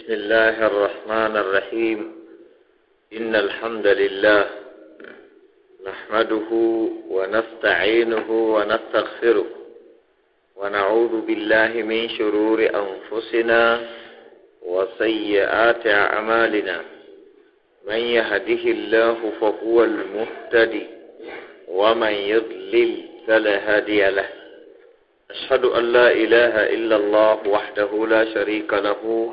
بسم الله الرحمن الرحيم إن الحمد لله نحمده ونستعينه ونستغفره ونعوذ بالله من شرور أنفسنا وسيئات أعمالنا من يهده الله فهو المهتدي ومن يضلل فلا هادي له أشهد أن لا إله إلا الله وحده لا شريك له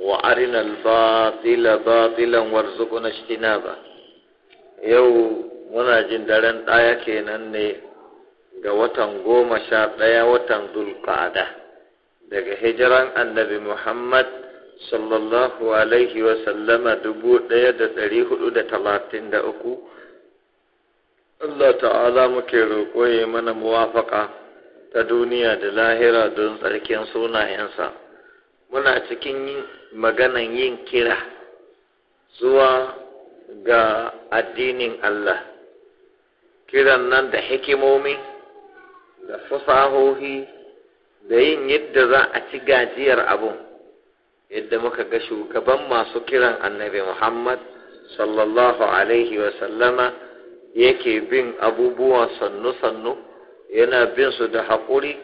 وأرنا الباطل باطلا وارزقنا اجتنابه yau muna jin daren ɗaya kenan ne ga watan goma sha ɗaya watan dulƙada daga hijiran annabi muhammad sallallahu alaihi wa sallama dubu ɗaya da ɗari hudu da talatin da uku Allah ta'ala muke roƙo ya mana muwafaka ta duniya da lahira don tsarkin sunayensa. muna cikin maganan yin kira zuwa ga addinin Allah kiran nan da hikimomi da fasahohi da yin yadda za a ci gajiyar abun yadda muka ga shugaban masu kiran annabi Muhammad sallallahu alaihi wa sallama yake bin abubuwan sannu-sannu yana bin su da haƙuri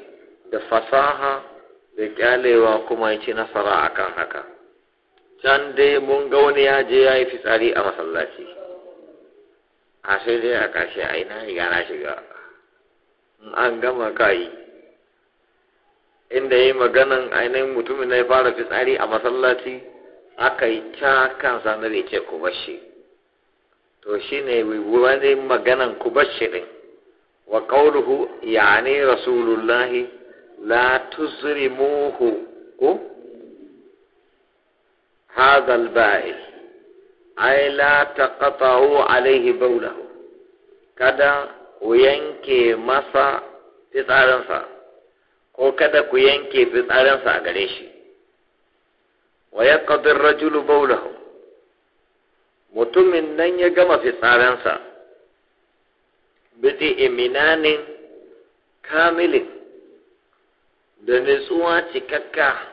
da fasaha da kyalewa kuma ya ci nasara akan haka can dai mun ga wani ya je ya yi fitsari a masallaci a sai dai a kashe a ina riga na shiga in an gama kayi inda ya yi maganan ainihin mutumin na ya fara fitsari a masallaci aka yi ca kan na ce ku bashi to shi ne wani maganan ku bashi ɗin wa ƙauluhu ya ne rasulullahi la tuzrimuhu ko hadha al-ba'il la taqta'u alayhi bawlahu kada ku yanke masa fitsarinsa ko kada ku yanke fitsarinsa a gare shi wa yaqdi ar-rajulu bawlahu mutumin nan ya gama fitsarinsa bi iminanin kamilin da nutsuwa cikakka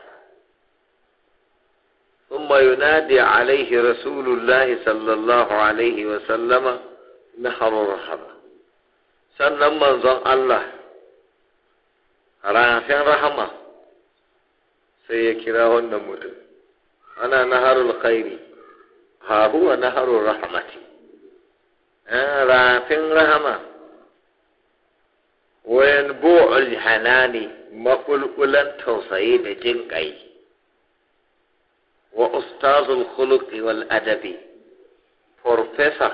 ثم ينادي عليه رسول الله صلى الله عليه وسلم نحر رحمة سنن منظر الله rafin rahama sai ya kira wannan mutum ana naharul khairi ha huwa naharul rahamati eh, rafin wayan bo'ul hanani maƙulƙulan tausayi da jin ƙai wa ustazul khuluqi wal adabi professor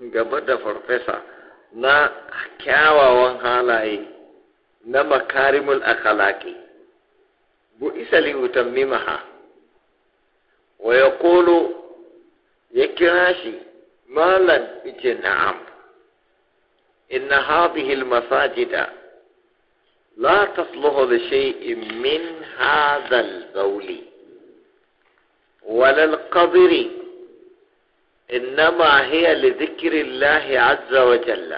gaba da farfesa na kyawawan halaye na makarimul akhlaqi bu isa utammimaha wa yaqulu ya kira shi malan ijna'am na'am إن هذه المساجد لا تصلح لشيء من هذا البول ولا القبر إنما هي لذكر الله عز وجل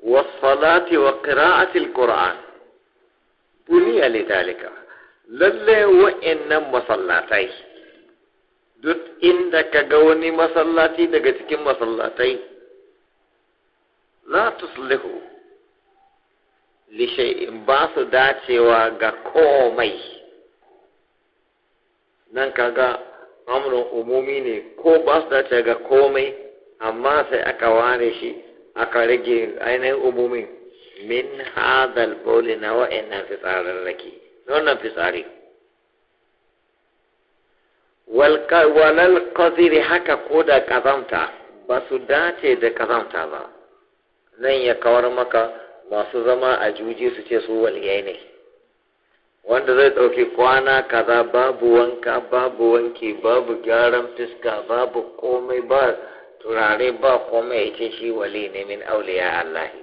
والصلاة وقراءة القرآن بني لذلك للا وإن مصلاتي duk إنك ka مصلاتي دقتك مصلاتي la tuslihu lishe in ba su dacewa ga komai nan kaga amrun umumi ne ko ba su dacewa ga komai amma sai aka ware shi aka rage ainihin umumin min hadal boli na wa'annan rake na wannan fitsari walal kaziri haka ko da kazamta ba su dace da kazamta ba nan ya kawar maka masu zama a juji su ce su waliyai ne wanda zai ɗauki kwana kaza babu wanka babu wanki babu gyaran fiska babu komai ba turare ba komai ya ce shi wali ne min auliya Allahi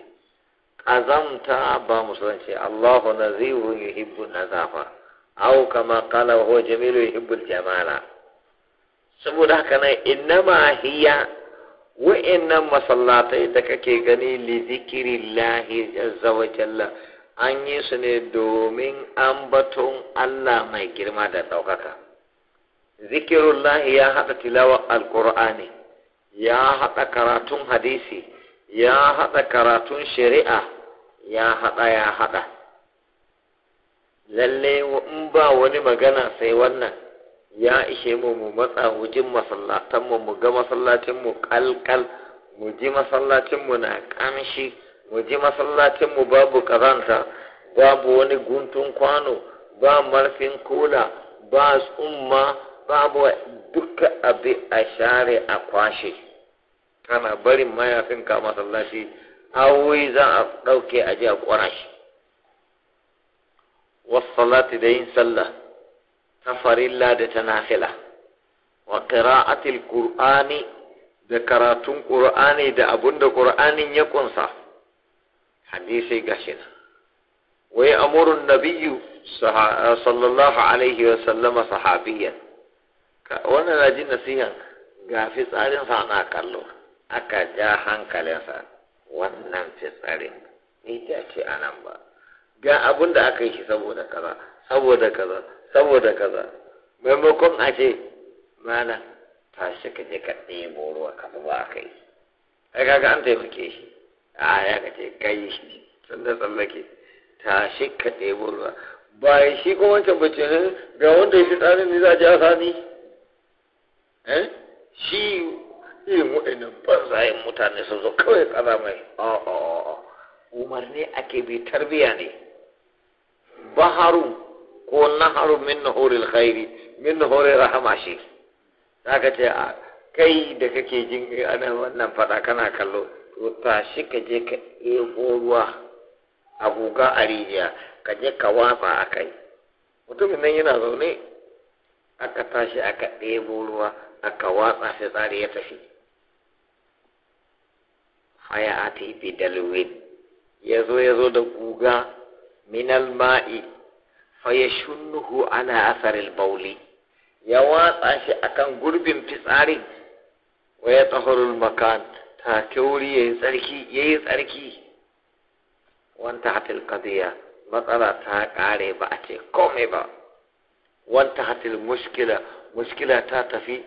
azamta ba musulunci Allahu naziru yuhibbu nazafa au kama qala huwa jamilu yuhibbu jamala saboda haka nan innama hiya wa'annan masallatai da kake gani li zikirillahi azza wa jalla an yi su ne domin ambaton Allah mai girma da ɗaukaka zikirullahi ya haɗa tilawar alƙur'ani ya haɗa karatun hadisi ya haɗa karatun shari'a ya haɗa ya haɗa lalle in ba wani magana sai wannan ya ishe mu mu matsa ji masallatanmu mu ga masallacinmu kalkal mu ji masallacinmu na kamshi mu ji masallacinmu babu kazanta babu wani guntun kwano ba marfin kula ba tsumma babu duka abi a share a kwashe kana barin mayafin ka masallaci awoyi za a ɗauke a ji a ƙwara wasu salati da yin sallah ta farilla da ta nafila wa qira'atil qur'ani da karatun qur'ani da abunda qur'anin ya kunsa hadisi gashi na Wai ya'muru nabiyyu sallallahu alaihi wa sallama sahabiyan wannan na jin nasihan ga fitsarin sa na kallo aka ja hankalinsa wannan fitsarin ni ta ce anan ba ga abun da aka yi saboda kaza saboda kaza saboda kaza maimakon a ce mana shi ka je ka ɗebo ruwa ka ba a kai ai kaga an taimake shi a ya ka ce kai shi sun da tsallake shi ka ɗebo ruwa ba shi ko wancan bacci ne eh, ga wanda ya fi tsarin ne za a ji a sani eh shi irin waɗannan banzayen mutane sun zo kawai tsada mai umarni ake bi tarbiya ne Baharu. ko naharu min hori khairi min hori rahama shi ka ce a kai da kake jin ana wannan fada kana kallo to tashi ka je ka ebo ruwa a guga a rijiya ka je ka wafa a kai mutumin nan yana zaune aka tashi aka ɗebo ruwa aka watsa sai tsari ya tafi haya a ta dalwin ya zo ya zo da guga minal ma'i fayashunnuhu ana asaril bauli ya watsa shi a kan gurbin fitsarin. wa ya tsahurul makan ta wuri ya yi tsarki ya yi tsarki wanta hatil kadiya matsala ta kare ba a ce komai ba wanta hatil mushkila mushkila ta tafi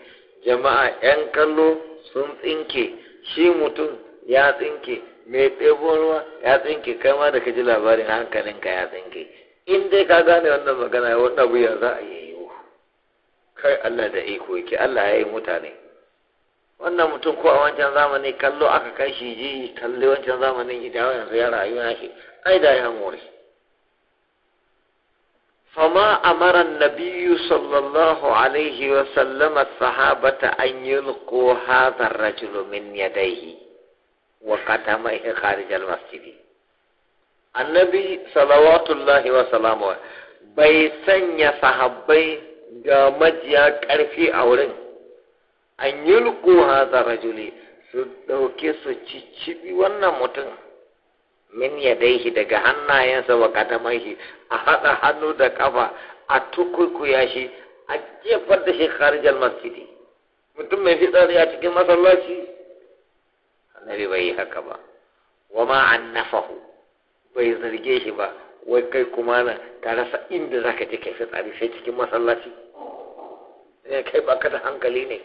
jama'a 'yan kallo sun tsinke shi mutum ya tsinke mai ɗebo ruwa ya tsinke Kama da ka ji labarin hankalinka ya tsinke in dai ka gane wannan magana ya wata buya za a yi yiwu kai Allah da iko yake Allah ya yi mutane wannan mutum ko a wancan zamani, kallo aka kai shi ji kalli wancan zamanin ita yanzu ya rayu na shi ai da ya more fama amara nabiyu sallallahu alaihi wa sallama sahabata an yi ko hazar rajulu min yadaihi wa katama ikharijal masjidi annabi salawatullahi wa salamu bai sanya sahabbai ga majiya ƙarfi a wurin an yulku hadha rajuli su ɗauke su cicibi wannan mutum min daihi daga hannayensa wa kadamaihi a haɗa hannu da kafa a tukukuya shi a jefar da shi kharijal masjidi mutum mai fitsari a cikin masallaci annabi bai yi haka ba wa ma nafahu. bai zarge shi ba wai kai kuma na ka rasa inda zaka je kai fitsari sai cikin masallaci ne eh, kai baka da hankali ne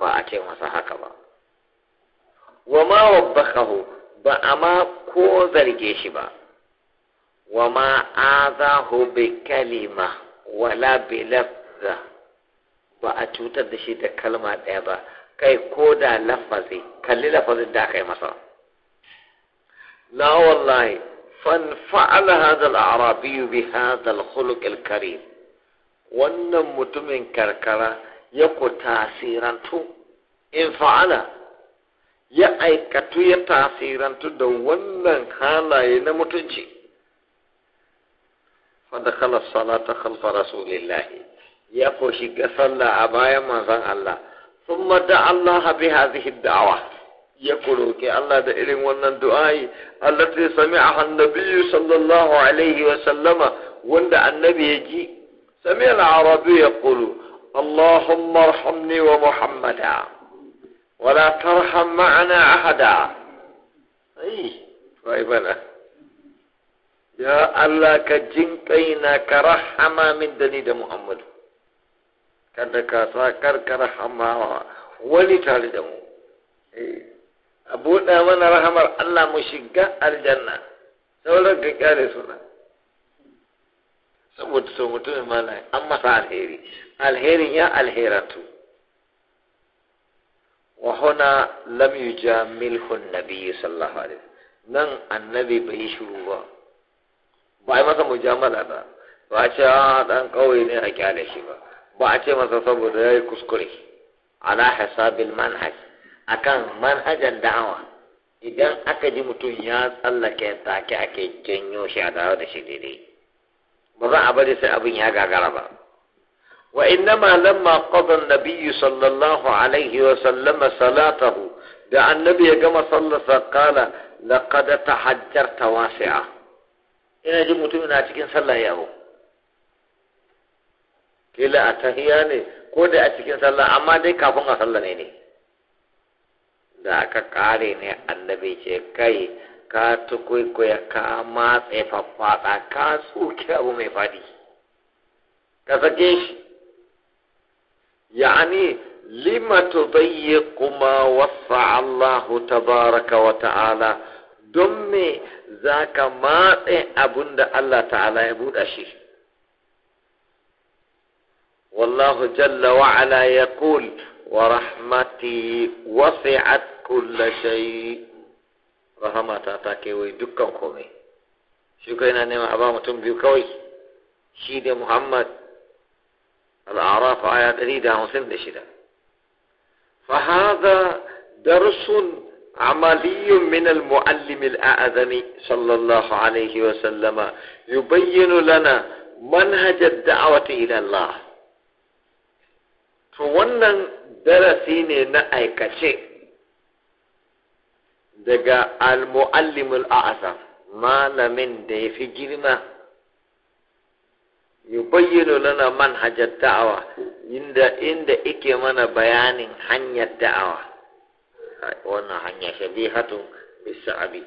ba a ce masa haka ba wa ma wabbakahu ba a ma ko zarge shi ba wa ma azahu bi kalima wala bi lafza ba a cutar da shi da kalma ɗaya ba kai ko da lafazi kalli lafazin da aka yi masa لا والله فانفعل هذا الأعرابي بهذا الخلق الكريم wannan mutumin karkara ya ku tasirantu in fa'ala ya aikatu ya tasirantu da wannan halaye na mutunci fadda kala salata khalfa rasulillahi ya ko shiga sallah a bayan manzon Allah sun da Allah bi hadhihi da'awa ya kuroke Allah da irin wannan du'ai allati sami'aha a nabiy sallallahu alaihi wa sallama wanda annabi ya ji sami'a al ya Kulu, Allahumma arhamni wa Muhammada wa la tarham ma'ana ahada ai wai bana ya Allah ka jin kaina ka rahama min dani da Muhammadu kada ka sa kar ka rahama wani tare da mu eh a buɗa mana rahamar Allah mu shiga aljanna sauran ka kyale suna saboda sau mutumin malaye an masa alheri alherin ya alheratu wa huna lam yujamilhu nabiyyu sallallahu alaihi nan annabi bai shiru ba ba a masa mujamala ba ba a ce dan ah, kawai ne a kyale shi ba ba a ce masa saboda ya yi kuskure ala hisabil manhaj akan manhajan da'awa idan aka ji mutum ya tsallake take ake janyo shi a dawo da shi daidai ba za a bari sai abin ya gagara ba wa innama lamma qada an-nabiy sallallahu alaihi wa sallama salatahu da annabi ya gama sallarsa kala laqad tahajjarta wasi'a ina ji mutum yana cikin sallah yawo kila a tahiya ne ko da a cikin sallah amma dai kafin a sallah ne ne da aka kare ne annabi ce kai ka tukwaikwaya ka matse faffaɗa ka tsoki abu mai faɗi ka sake shi ya'ani lima tubayyi kuma wasa Allahu tabaraka wa ta'ala don me za ka matse abun da Allah ta'ala ya buɗa shi wallahu jalla wa'ala ya kuli ورحمتي وسعت كل شيء رحمتا تاكيوي دكان كومي شكرا نما أبا متن بيكوي شيد محمد الأعراف آيات أريدها وسند شدا فهذا درس عملي من المعلم الأعظم صلى الله عليه وسلم يبين لنا منهج الدعوة إلى الله to wannan darasi ne na aikace daga al-mu'allimul malamin da ya fi girma bayyana lana manhajar da'awa inda inda ike mana bayanin hanyar da'awa wannan hanya bisa bisa'abi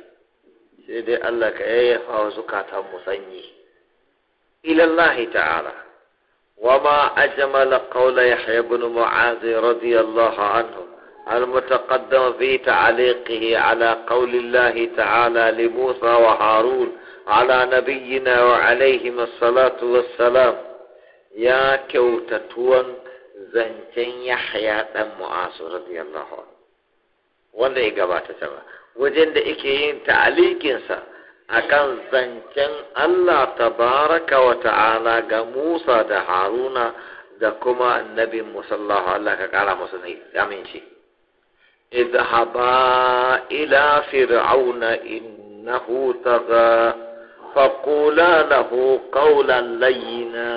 sai dai Allah ka yayyafa wa zukatan mu sanyi ilallahi ta'ala وما أجمل قول يحيى بن معاذ رضي الله عنه المتقدم في تعليقه على قول الله تعالى لموسى وهارون على نبينا وعليهم الصلاة والسلام يا كوتتون زنجن يحيى بن معاذ رضي الله عنه وانا ya gabata وجند إكيين تعليقين da akan zancen Allah tabaraka wa ta'ala ga Musa da Haruna da kuma annabi musallahu Allah ka kara musu aminci idhaba ila fir'auna innahu tagha faqula lahu qawlan layyina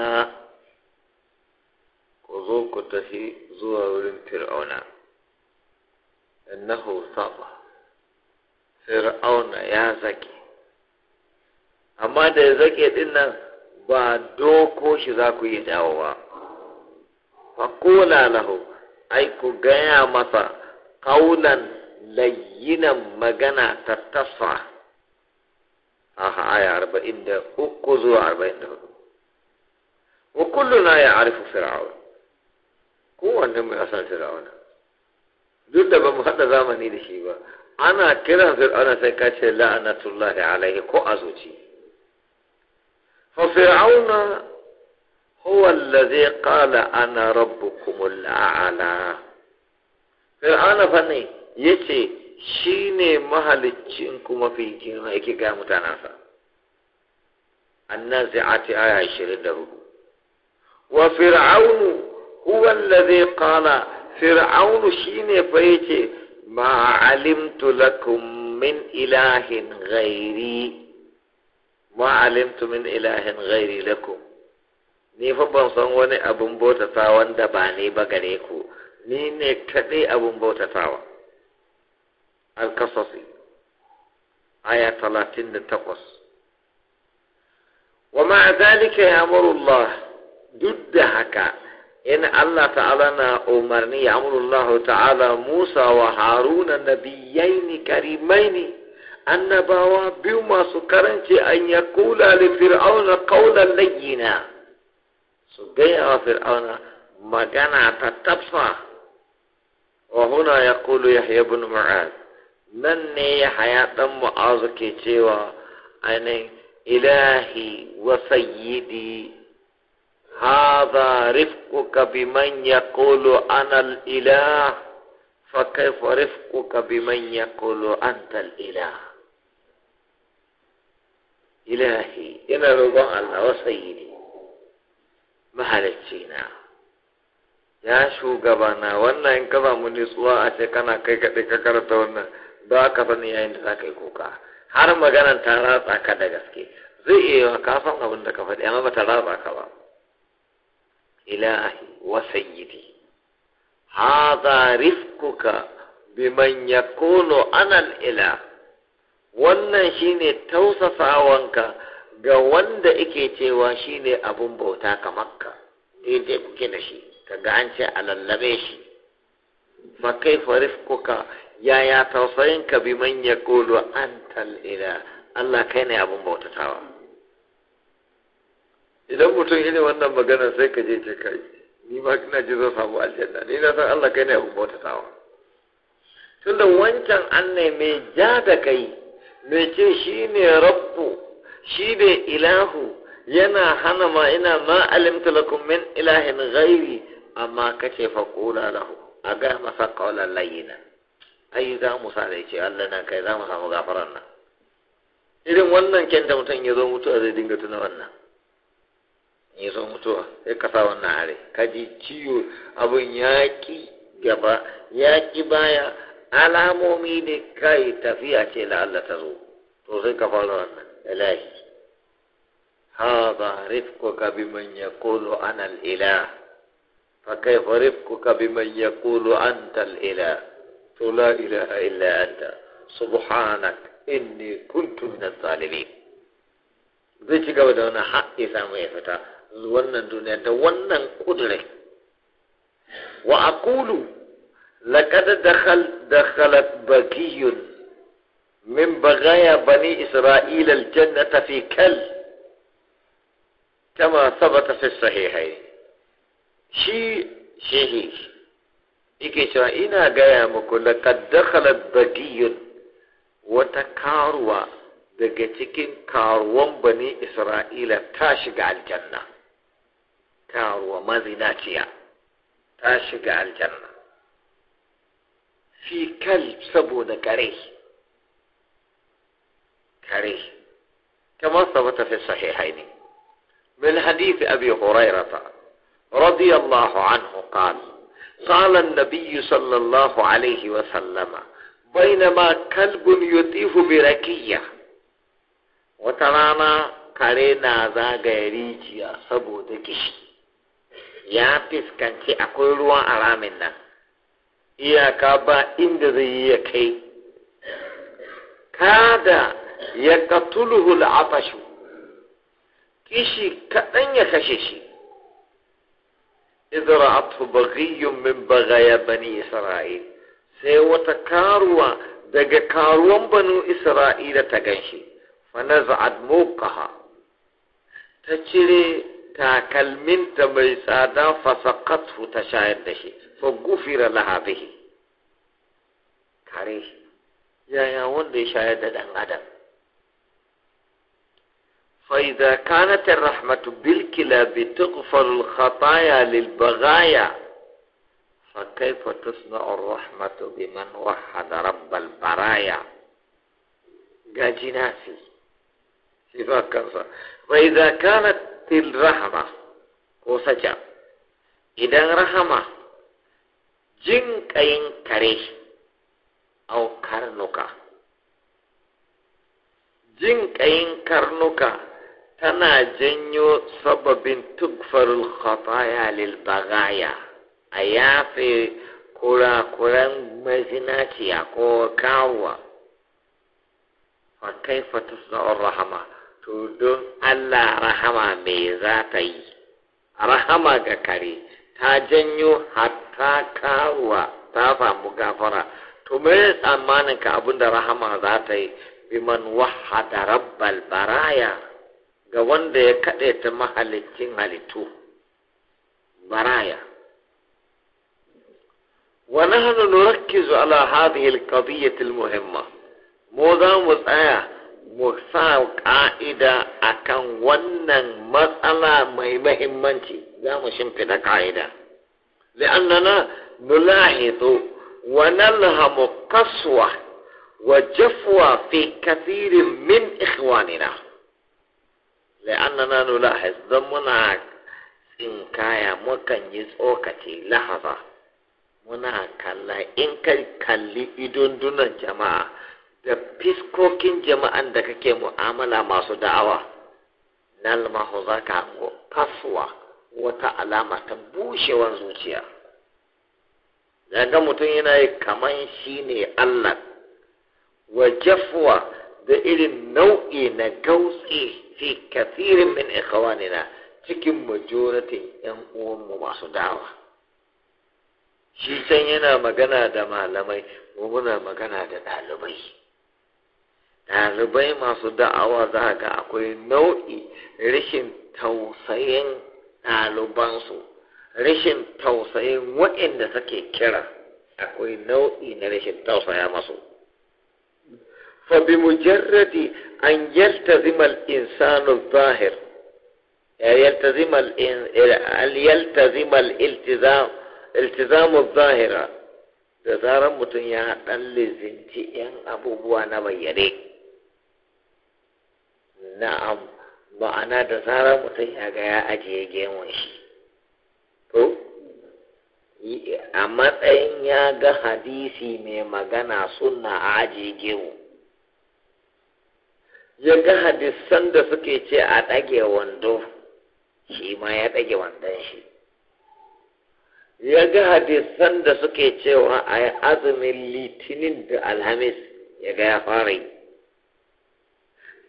ku zo ku tafi zuwa wurin fir'auna innahu tagha fir'auna ya zaki amma da ya zake din nan ba doko shi za ku yi ba faƙola lahu ai ku gaya masa kaunan layyinan magana ta tasa a aya arba'in da uku zuwa arba'in da hudu wa na ya arifu fir'aun kowanne mai san fir'auna duk da ba mu haɗa zamani da shi ba ana kiran fir'auna sai ka ce la'anatullahi alaihi ko a zuci ففرعون هو الذي قال أنا ربكم الأعلى فرعون فني يتي شيني مهلكينكم في جنة إكي قام تنافى النازعات آية عشرين له وفرعون هو الذي قال فرعون شيني فيتي ما علمت لكم من إله غيري ma alimtu min ilahin ghairi lakum ni fa ban san wani abun bautata wanda ba ni ba gare ku ni ne kaɗai abun bautatawa al-qasasi aya 38 wa ma zalika ya'muru Allah duk da haka in Allah ta'ala na umarni ya'muru Allah ta'ala Musa wa Haruna nabiyyaini karimaini أن بوا بما سكرن أن يقول لفرعون قولا لينا سجيا فرعون ما كان تتبصى وهنا يقول يحيى بن معاذ من ني حياة معاذك جوا أن إلهي وسيدي هذا رفقك بمن يقول أنا الإله فكيف رفقك بمن يقول أنت الإله ilahi ina roƙon Allah wasa yidhi mahalicci na ya shugabana wannan in ka samu a ce kana kai kaɗai ka karata wannan ba ka sani yayin da za ka yi kuka har maganan ta ratsa ka da gaske zai iya yiwa ka san abin da ka faɗi amma ba ta ratsa ka ba ilahi wa sayyidi haza rifkuka biman yakunu ana al-ilah wannan shine tausasawanka ga wanda ike cewa shine abun bauta kamar ka daidai kuke da shi kaga an ce a lallabe shi fa kaifa rifquka yaya ka bi man yaqulu antal ila Allah kai ne abun bautatawa idan mutum ne wannan magana sai ka je ce kai ni ma kina ji zo samu aljanna ni na san Allah kai ne abun bautatawa tunda wancan an ne mai ja da kai Me ce shi ne rabbu shi ne ilahu yana hana ma ina ma alimta lakum min ilahin ghairi amma kace fa qula lahu aga masa qawlan layina. ai za mu sa da ce Allah nan kai za mu samu gafaran nan irin wannan kenta mutum ya zo mutuwa zai dinga tuna wannan ya zo mutuwa sai ka sa wannan are ka ji ciwo abun ya ki gaba ya ki baya alamomi ne kai tafiya ce la Allah ta zo to sai ka fara wannan ilahi hada rifquka biman yaqulu ana al-ilah fa kayfa rifquka biman yaqulu anta al to la ilaha illa anta subhanak inni kuntu min az-zalimin zai ci gaba da wani haƙƙi samu ya fita wannan duniya da wannan kudurai wa aqulu لقد دخل دخلت بقي من بغايا بني اسرائيل الجنة في كل كما ثبت في الصحيحين شي شهي هيك اسرائيل انا غايا مكو لقد دخلت بقي وتكاروا daga cikin بني اسرائيل isra'ila ta shiga aljanna karuwa mazinaciya ta shiga aljanna في كلب سبو ده كريه كريه كما ثبت في الصحيحين من حديث أبي هريرة رضي الله عنه قال قال النبي صلى الله عليه وسلم بينما كلب يطيف بركية وترانا كرينا ذاك ريجيا سبو دكشي يا تسكنتي أقول وأرامنا iyaka ba inda zai yi ya kai kada ya katuluhu la'afashu kishi kaɗan ya kashe shi a baghiyyun min bagaya bani isra'il sai wata karuwa daga karuwan banu isra'ila ta ganshi fana za'ad mokaha ta cire takalminta mai tsada fasakatu ta shayar da shi فغفر لها به كاريه يا يا wanda شاهد shayar ادم فإذا كانت الرحمة بالكلاب تغفر الخطايا للبغايا فكيف تصنع الرحمة بمن وحد رب البرايا جاجناسي سيباك كنصر فإذا كانت الرحمة وسجا إذا رحمة jin ƙayin kare au karnuka jin ƙayin karnuka tana janyo sababin tukfarul khataya lil bagaya a yafe kurakuran mazinaciya ko karuwa fakai kaifa rahama to don Allah rahama mai za ta yi rahama ga kare ta janyo ta karuwa ta samu gafara to me tsammanin ka abin da rahama za ta yi biman wahada rabbal baraya ga wanda ya kaɗe ta mahalicin halittu baraya wa nahnu nurakkizu ala hadhihi alqadiyyah almuhimma mu za mu tsaya mu sa ka'ida akan wannan matsala mai mahimmanci za mu shimfiɗa ka'ida لأننا نلاحظ ونلهم قسوة وجفوة في كثير من إخواننا لأننا نلاحظ ضمنا in kaya mukan yi tsokaci lahaza muna kalla in kai kalli idundunan jama'a da fiskokin jama'an da kake mu'amala masu da'awa nalmahu zaka kasuwa wata alama ta bushewar zuciya ga mutum yana yi kaman shi ne Allah wa jafuwa da irin nau'i na gautsi fi kafirin min ikhwanina cikin majoratin yan uwanmu masu dawa shi can yana magana da malamai muna magana da ɗalibai ɗalibai masu da'awa za ga akwai nau'i rashin tausayin ɗalibansu rashin tausayin waɗanda suke kira akwai nau'i na rashin tausaya masu fabi mujarradi an yaltazima insanu zahir iltizamu zahira da zarar mutum ya dan lizinci yan abubuwa na bayyane na'am ma'ana da zarar mutum ya ga ya ajiye gemun shi to a matsayin ya ga hadisi mai magana suna a ajiye gemu ya ga hadisan da suke ce a ɗage wando shi ma ya ɗage wandon shi ya ga hadisan da suke cewa a yi azumin litinin da alhamis ya ga ya fara yi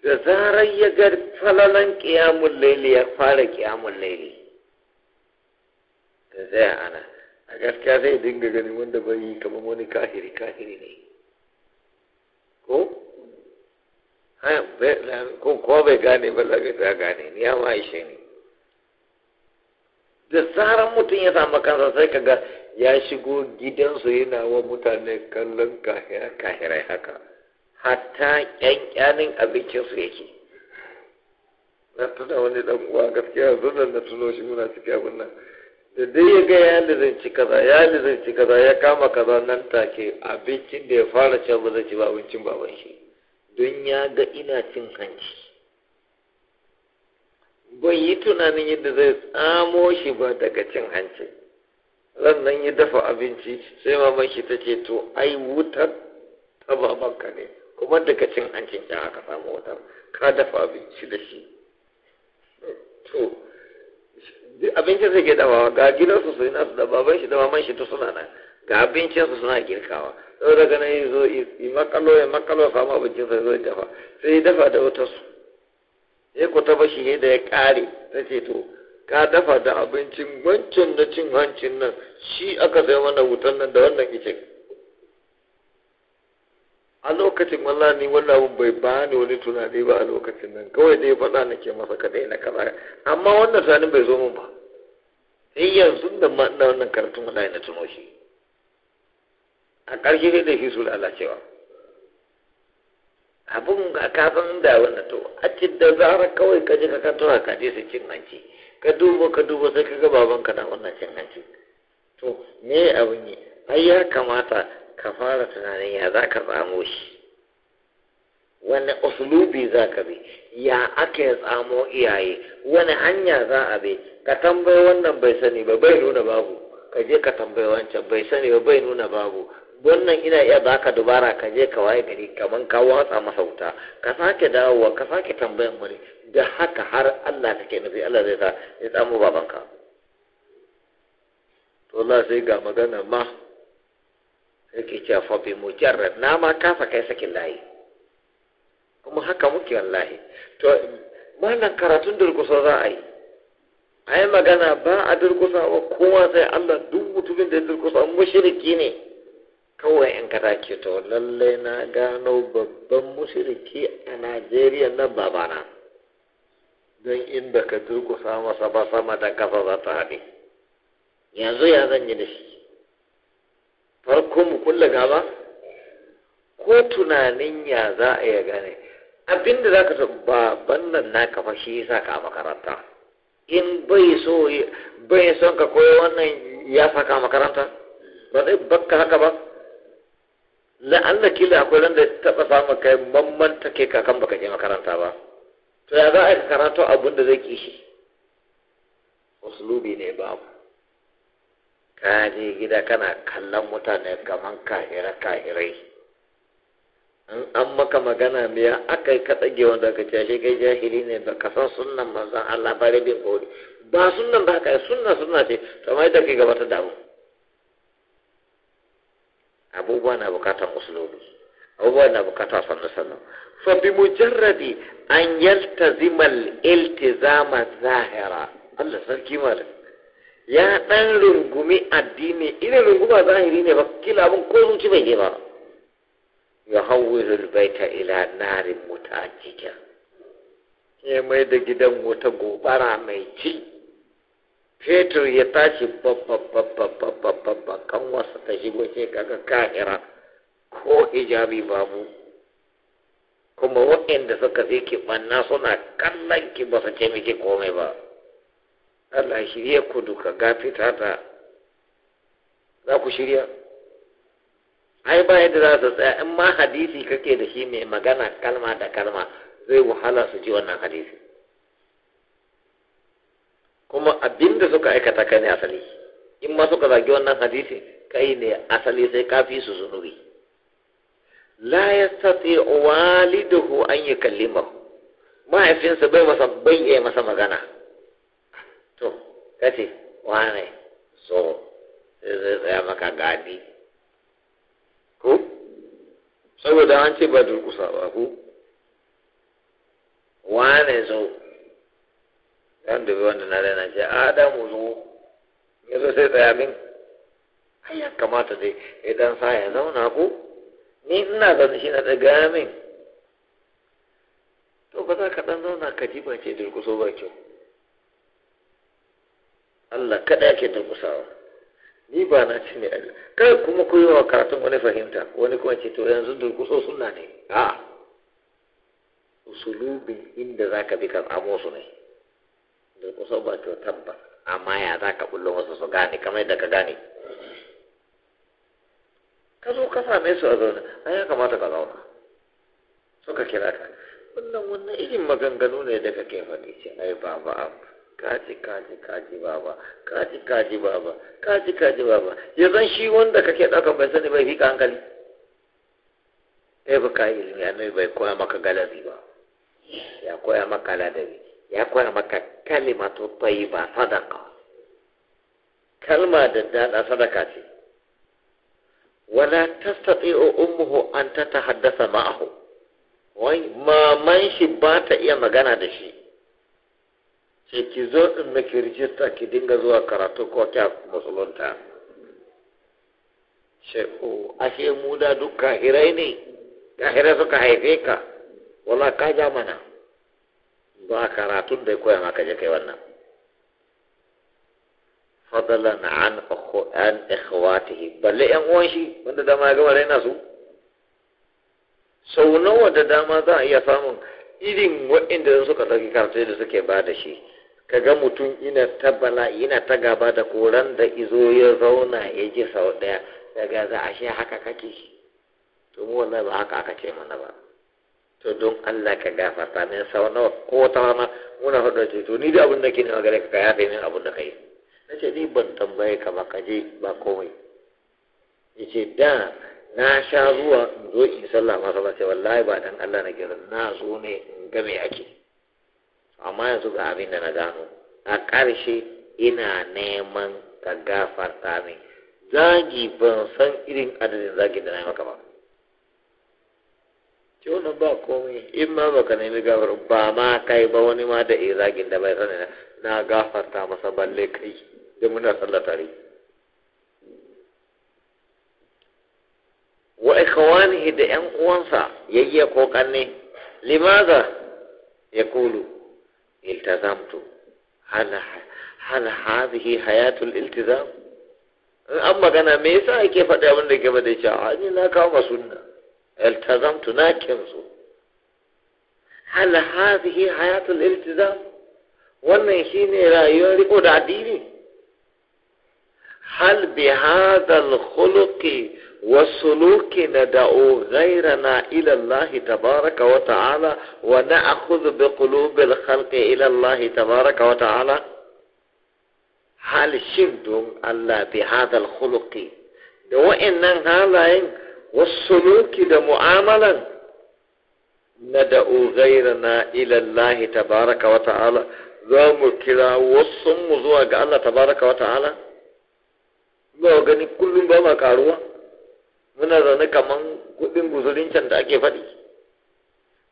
da zarar ya ga falalan ƙiyamun laili ya fara ƙiyamun laili da zai ana a gaskiya zai dinga gani wanda bai yi kamar wani kahiri kahiri ne ko ko ko bai gane ba zaga ta gane ni ya ma ishe ne da zarar mutum ya samu kansa sai kaga ya shigo gidansu yana wa mutane kallon kahira kahirai haka hatta ƙyanƙyanin abincinsu yake na tuna wani dan uwa gaskiya zunan na tuno shi muna cikin abin nan da dai ya ga ya lizinci kaza ya lizinci kaza ya kama kaza nan take abincin da ya fara can ba zai ci ba abincin baban shi don ya ga ina cin hanci ban yi tunanin yadda zai tsamo shi ba daga cin hanci nan ya dafa abinci sai maman shi ta ce to ai wutar ta babanka ne kuma daga cin hancin ya aka samu wutar ka dafa abinci da shi to abincin sai ke dafawa ga gidan su suna da baban shi da maman shi to suna nan ga su suna girkawa sau daga nan yi zo yi makalo ya makalo samu abincinsa zo dafa sai ya dafa da wata su ya ku taba shi ne da ya kare ta ce to ka dafa da abincin wancan da cin hancin nan shi aka sai mana wutan nan da wannan kicin a lokacin wallah ni wallah mun bai bani wani tunani ba a lokacin nan kawai dai faɗa nake masa kadai na kaza amma wannan tunanin bai zo min ba sai yanzu da ma ina wannan karatun wallahi na tuno shi a ƙarshe dai da shi su cewa abun a san da wannan to a cikin da zarar kawai ka ji ka tura ka je cikin cin hanci ka duba ka duba sai ka ga babanka na wannan cin hanci to me abun yi ai ya kamata ka fara tunanin ya za ka tsamo shi wani usulubi za ka bi ya ake tsamo iyaye wani hanya za a bi ka tambayi wannan bai sani ba bai nuna babu ka je ka tambayi wancan bai sani ba bai nuna babu wannan ina iya ba ka dubara ka je ka waye gari kamar ka watsa masauta wuta ka sake dawowa ka sake tambayan wani da haka har Allah take nufi Allah zai sa ya tsamo babanka to Allah sai ga magana ma yake cewa fa bi mujarrad na ma kafa kai sakin layi kuma haka muke wallahi to malam karatun durkusa za a yi a yi magana ba a durkusa ba kowa sai Allah duk mutumin da durkusa mushriki ne kawai in ka dace to lallai na gano babban musirki a Najeriya nan babana don inda ka durkusa masa ba sama da kafa za ta haɗe yanzu ya zan yi da shi farko mu kulla gaba ko tunanin ya za a yi gane abinda za ka ba bannan na kafa shi ya ka a makaranta in bai so bai son ka koyo wannan ya saka a makaranta ba zai baka haka ba la'alla kila akwai ran da taɓa samun kai mamman take kakan baka je makaranta ba to ya za a yi karatu abin da zai kishi uslubi ne babu ka je gida kana kallon mutane gaman kahira kahirai in an maka magana miya aka yi kaɗage wanda ka ce kai jahili ne ba ka san sunan manzan Allah ba rabin kori ba sunan ba ka sunna sunna ce to mai da ke gaba ta damu abubuwa na bukatar usulobi abubuwa na bukatar sannu sannu fa bi mujarradi an zimal al-iltizama zahira Allah sarki malam ya ɗan rungumi addini irin runguma zahiri ne ba kila abin ko zuci bai je ba ya hawwilul ta ila narin muta'ajjija ya mai da gidan wuta gobara mai ci fetur ya tashi babba kan wasa ta shigo ce kaga ka'ira ko hijabi babu kuma waɗanda suka zai ki ɓanna suna kallon ki ba su ce miki komai ba Allah shirye ku duka gafita ta za ku shirya ai ba yadda za su tsaya in ma hadisi kake da shi mai magana kalma da kalma zai wahala su ji wannan hadisi kuma abinda suka aikata ka ne asali in ma suka zagi wannan hadisi kai ne asali sai ka fi su zunubi la yastati waliduhu an yi yukallimahu mahaifinsa bai masa bai masa magana to kace wane so sai zai tsaya maka gadi ko saboda an ce ba durkusa ba ko wane zo yan dubi wanda na rana ce adamu zo ya sai tsaya min ai ya kamata dai idan sa ya zauna ko ni ina zaune shi na daga min to ba za ka dan zauna ka ji ba ce durkuso ba kyau Allah kada yake durƙusawa, ni ba na ci ne Allah kai kuma ku yi wa karatun wani fahimta wani kuma ce to yanzu durkuso sunna ne a usulubin inda za ka bi kan amo su ne durkuso ba to tabba amma ya ka bullo wasu su gane kamar yadda ka gane ka zo ka same su a zaune a ya kamata ka zauna suka kira ka wannan wannan irin maganganu ne da kake faɗi ce ai ba ba abu kaji kaji kaji baba kaji kaji baba kaji kaji baba ya zan shi wanda kake ɗauka bai sani bai fika hankali ɗaya ba ka ilimi annabi bai koya maka galabi ba ya koya maka ladabi ya koya maka kalimatu tayyiba sadaka kalma da dada sadaka ce wala tastati'u ummuhu an tatahaddasa ma'ahu wai maman shi ba ta iya magana da shi sai ki zo in miki rijista ki dinga zuwa karatu ko kya musulunta sai o ashe mu da duk kahirai ne kahirai suka haife ka wala ka ja mana ba karatun da koya maka je kai wannan fadalan an an ikhwatihi balle yan uwan shi wanda dama ya gama raina su sau nawa da dama za a iya samun irin waɗanda suka ɗauki karatu da suke ba da shi ka ga mutum ina ta bala ina ta gaba da koran da izo ya zauna ya ji sau ɗaya daga za a shi haka kake to mu wannan ba haka aka ce mana ba to don Allah ka gafarta min sau nawa ko ta rana muna hudu ce to ni da abin da ke ne magana ka ya yafe min abin da kai na ce ni ban tambaye ka ba ka je ba komai ya ce da na sha zuwa in zo in sallah masa ba sai wallahi ba dan Allah na gira na zo ne in ga me ake amma yanzu ga abin da na gano a ƙarshe ina neman ka gafarta min zagi ban san irin adadin zagi da na maka ba ce wannan ba komai in ma baka nemi gafar ba ma kai ba wani ma da iya zagin da bai sani na gafarta masa balle kai da muna sallah tare wa ikhwanihi da yan uwansa yayya ko kanne limaza ya kulu التزمت هل هل هذه حياة الالتزام an magana me yasa ake faɗi abin da ke faɗi A ni na kawo ma sunna iltazamtu na kinsu hal hadhihi hayatul iltizam wannan shine rayuwar riko da addini hal bi hadal khuluqi والسلوك ندعو غيرنا إلى الله تبارك وتعالى ونأخذ بقلوب الخلق إلى الله تبارك وتعالى هل شبتم ألا بهذا الخلق وإن هذا والسلوك معاملا ندعو غيرنا إلى الله تبارك وتعالى ذا كلا وصم زوج الله تبارك وتعالى لو غني كل ما كاروا muna zaune kaman kuɗin guzurin can da ake faɗi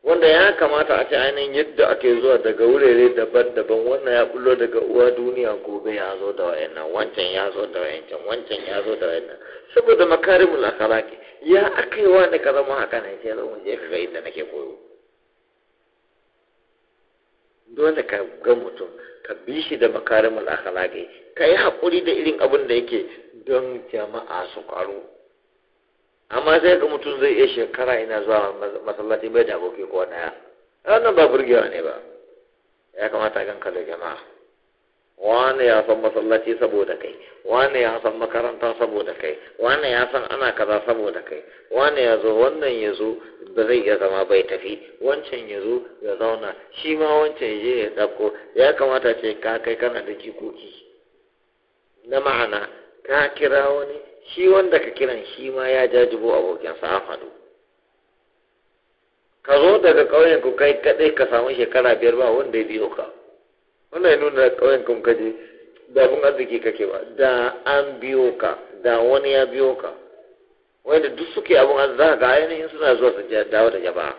wanda ya kamata a ce ainihin yadda ake zuwa daga wurare daban-daban wannan ya bullo daga uwa duniya gobe ya zo da wayannan wancan ya zo da wayancan wancan ya zo da wayannan saboda makarimul ke, ya akai wa ne ka zama haka ne sai zan je ka ga inda nake koyo dole ka ga mutum ka bi shi da makarimul ke, ka yi haƙuri da irin abin da yake don jama'a su ƙaru amma sai ka mutum zai iya shekara ina zuwa masallaci bai da aboki ko daya wannan ba burgewa ne ba ya kamata gan ka da jama'a wani ya san masallaci saboda kai wani ya san makaranta saboda kai wani ya san ana kaza saboda kai wani ya zo wannan ya zo ba zai iya zama bai tafi wancan ya zo ya zauna shi ma wancan ya je ya ɗauko ya kamata ce ka kai kana da jikoki na ma'ana ka kira wani shi wanda ka kiran shi ma ya jajibo abokinsa an haɗu ka zo daga ƙauyen ku kai kaɗai ka samu shekara biyar ba wanda ya biyo ka wannan ya nuna ƙauyen kun kaje da kun arziki kake ba da an biyo ka da wani ya biyo ka wanda duk suke abun an za ga ainihin suna zuwa su dawo da jama'a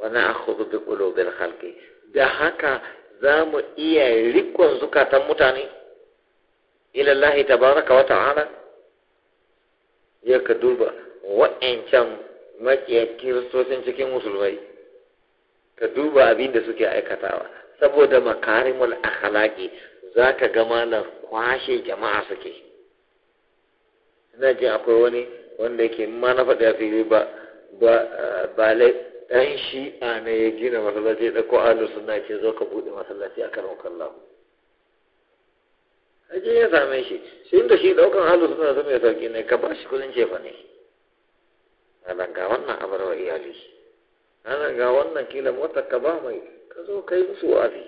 wani akhudhu bi qulubil khalqi da haka za mu iya rikon zukatan mutane ilallahi tabaraka wa ta'ala ya ka duba wa'ancan makiya kiristocin cikin musulmai ka duba abin da suke aikatawa saboda makarimul akhlaqi za ka gama na kwashe jama'a suke ina jin akwai wani wanda yake ma na faɗi fili ba ba ba ɗan shi'a ne ya gina masallaci da ko alu suna ce zo ka buɗe masallaci a karon kallahu aje ya same shi shi da shi daukan halu suna zama ya sauki ne ka ba shi kudin jefa ne ranar ga wannan abarwa iyali ranar ga wannan kila mota ka ba mai ka zo ka yi musu wafi.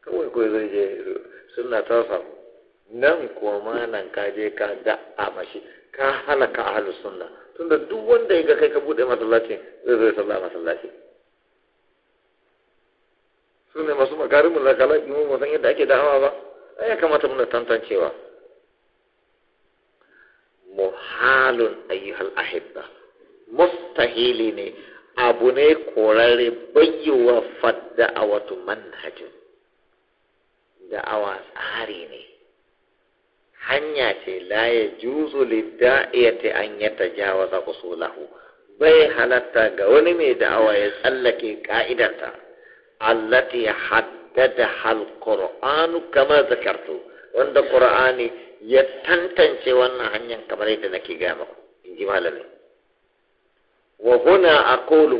kawai kawai zai je suna ta samu nan kuwa ma nan ka je ka ga a mashi ka halaka ahalu sunna tunda duk wanda ya ga kai ka buɗe masallacin zai zai sallah masallacin su ne masu makarimun zakala mu san yadda ake da'awa ba ya kamata muna tantancewa muhalun ayyuhal ahibba mustahili ne abu ne korare bayyowa fadda a wato manhajin da'awa tsari ne hanya ce la ya iya ta an so lahu bai halatta ga wani mai da'awa ya tsallake ka'idarta allati hadd yadaha alqur'anu kama zakartu wanda qur'ani ya tantance wannan hanyar kamar yadda nake gaya muku in ji malami wa huna aqulu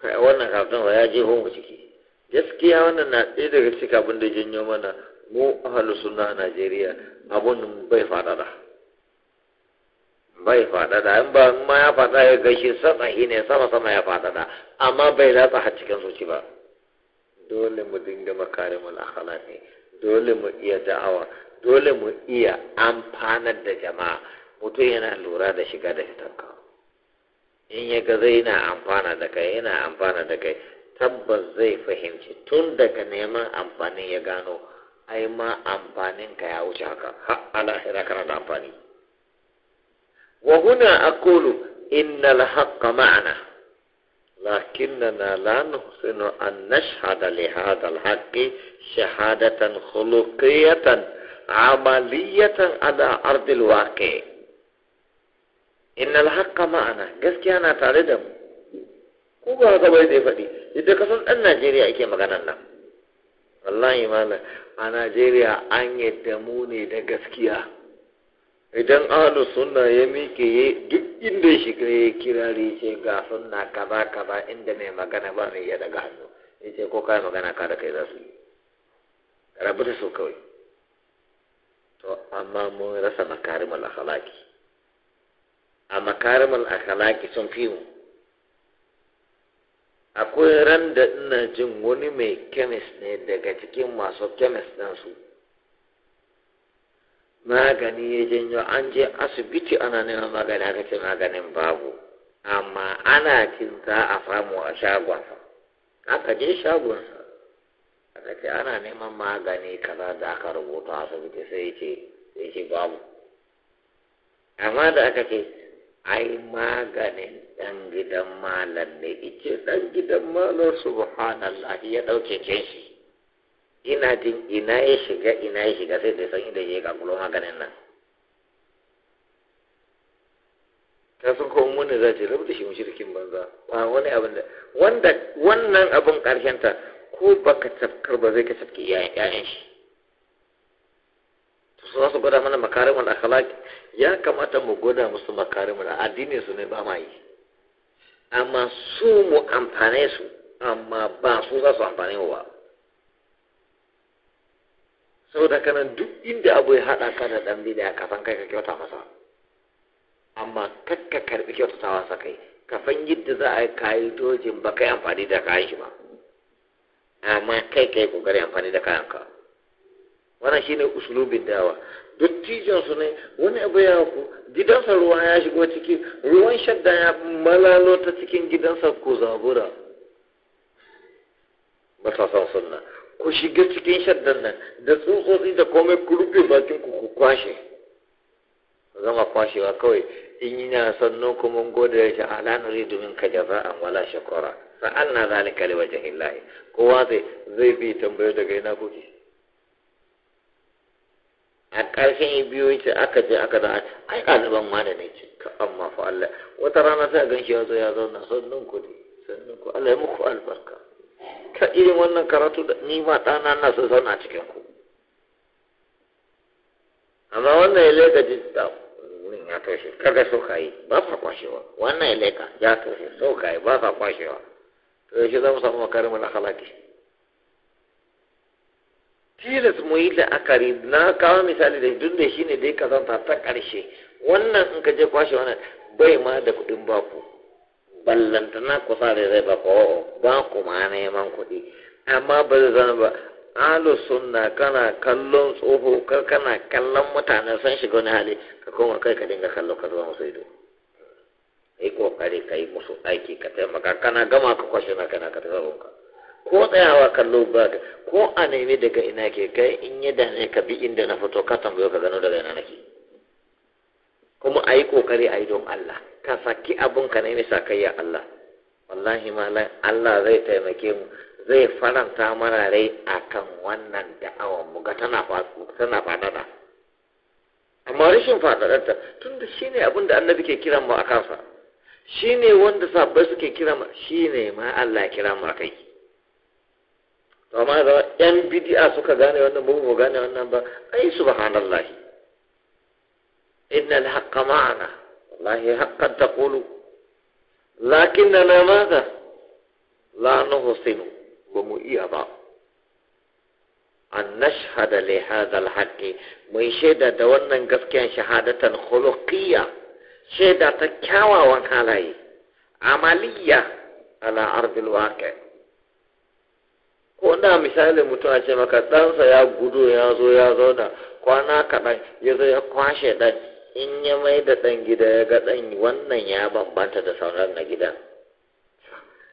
wannan kafin ya je homu ciki gaskiya wannan na ɗaya daga cikin abin da janyo mana mu ahalu sunna a Najeriya abun bai fadada bai fadada in ba ma ya fada ya gaishe sama ne sama sama ya fadada amma bai latsa har cikin zuci ba dole mu dinga makarimul akhlaqi dole mu iya da'awa dole mu iya amfanar da jama'a mutum yana lura da shiga da ka in ya ga zai na amfana da kai yana amfana da kai tabbas zai fahimci tun daga neman amfanin ya gano ai ma amfanin ka ya wuce haka alahira kana da amfani wa huna aqulu innal haqqa ma'ana Lakin da na an na shahada liha da shahadatan hulukiyatan amaliyatan ana ardi wake. In na ma'ana gaskiya na tare da mu. Kuka haka bai da ya fadi, yadda kasan ɗan Najeriya ake magana nan. Wallahi ma a Najeriya an yadda mu ne da gaskiya. idan ahlu sunna ya miƙe ya duk inda ya shiga ya kirari ce ga sunna kaza kaza inda mai magana ba mai ya daga hannu ya ce ko kai magana ka da kai za su yi rabu da su kawai to amma mun rasa makarimul akhlaqi a makarimul akhlaqi sun fi mu akwai ran da ina jin wani mai kemis ne daga cikin masu kemis su. magani ya janyo an je asibiti ana neman magani aka ce maganin babu amma ana kin za a samu a shagonsa aka je shagonsa aka ce ana neman magani kaza da aka rubuta asibiti sai ce sai ce babu amma da aka ce ai maganin dan gidan malam ne ice dan gidan malam subhanallah ya ɗauke kin ina jin ina ya shiga ina ya shiga sai da san inda ya kakulo maganin nan ta sun kuma wanda za ta rabu da shi mushrikin banza ba wani abin da wanda wannan abin karshen ta ko baka tafkar ba zai ka tafki iyayen shi to su za su gwada mana makarimul akhlaq ya kamata mu gwada musu makarimul addinin su ne ba ma yi amma su mu amfane su amma ba su za su amfane mu ba saboda kana duk inda abu ya haɗa ka da ɗan bid'a ka san kai ka kyauta masa amma kakka karɓi kyautatawa sa kai ka san yadda za a yi kayi dojin ba kai amfani da kayan shi ba amma kai kai kokari amfani da kayan ka wannan shine usulubin dawa Duk tijon su ne wani abu ya ku gidansa ruwa ya shigo ciki ruwan shadda ya malalo ta cikin gidansa ko zabura ba sa son sunna ku shiga cikin shaddan nan da tsutsotsi da komai ku rufe bakin ku ku kwashe zama kwashewa kawai in yi na sannu kuma gode ya shi ala nuri domin ka an wala shakora an na zalika kare wajen illahi kowa zai zai bi tambayo daga ina kuke a ƙarshen biyo ce aka je aka da ai ɗaliban da ne ce ka amma fa Allah wata rana sai gan shi ya zo ya zauna sannan ku ne sannan ku Allah ya muku albarka ka irin wannan karatu da ni ma ɗana na su zauna cikin ku amma wannan ya leka ji wurin ya toshe kaga so ka yi ba fa kwashewa wannan ya leka ya toshe so ka yi ba fa kwashewa to yaushe za mu samu makarimar halaki tilas mu yi la'akari na kawo misali da duk da shi ne dai zanta ta ƙarshe wannan in ka je kwashe wannan bai ma da kuɗin baku ballantana ku sa da zai ba ko ba kuma ma neman kuɗi amma ba zai zana ba alu sunna kana kallon tsoho kar kana kallon mutane san shiga wani hali ka koma kai ka dinga kallo ka zama musu ido yi kokari ka yi musu aiki ka taimaka kana gama ka kwashe na kana ka tafi ka ko tsayawa kallo ba ko a nemi daga ina ke kai in yi ne ka bi inda na fito ka tambayo ka gano daga ina nake kuma a yi kokari a yi don Allah ka saki abun ka ne sa kai ya Allah wallahi malam Allah zai taimake mu zai faranta mana rai akan wannan da'awar mu ga tana tana fadada amma rashin fadadarta tun da ne abin da annabi ke kiran mu a kansa ne wanda sabbai suke kira mu ne ma Allah ya kira mu a kai to amma da yan bid'a suka gane wannan ba mu gane wannan ba ai subhanallahi In na da haƙama a na. La ya haƙan ta ƙulu? Laƙin na La nu husin ba iya ba. An nasha da leha da lahaƙi, mai shaida da wannan gaskiyan shahadatan hulukia. Shaida ta kyawawan halaye. A maliya. Ana arbi lu'a ke. Kuna misali mutu ajiye maka dansa ya gudu ya zo ya zo da kwana kaɗai yadda ya kwashe da. in ya mai da ɗan gida ya ga ɗan wannan ya bambanta da sauran na gida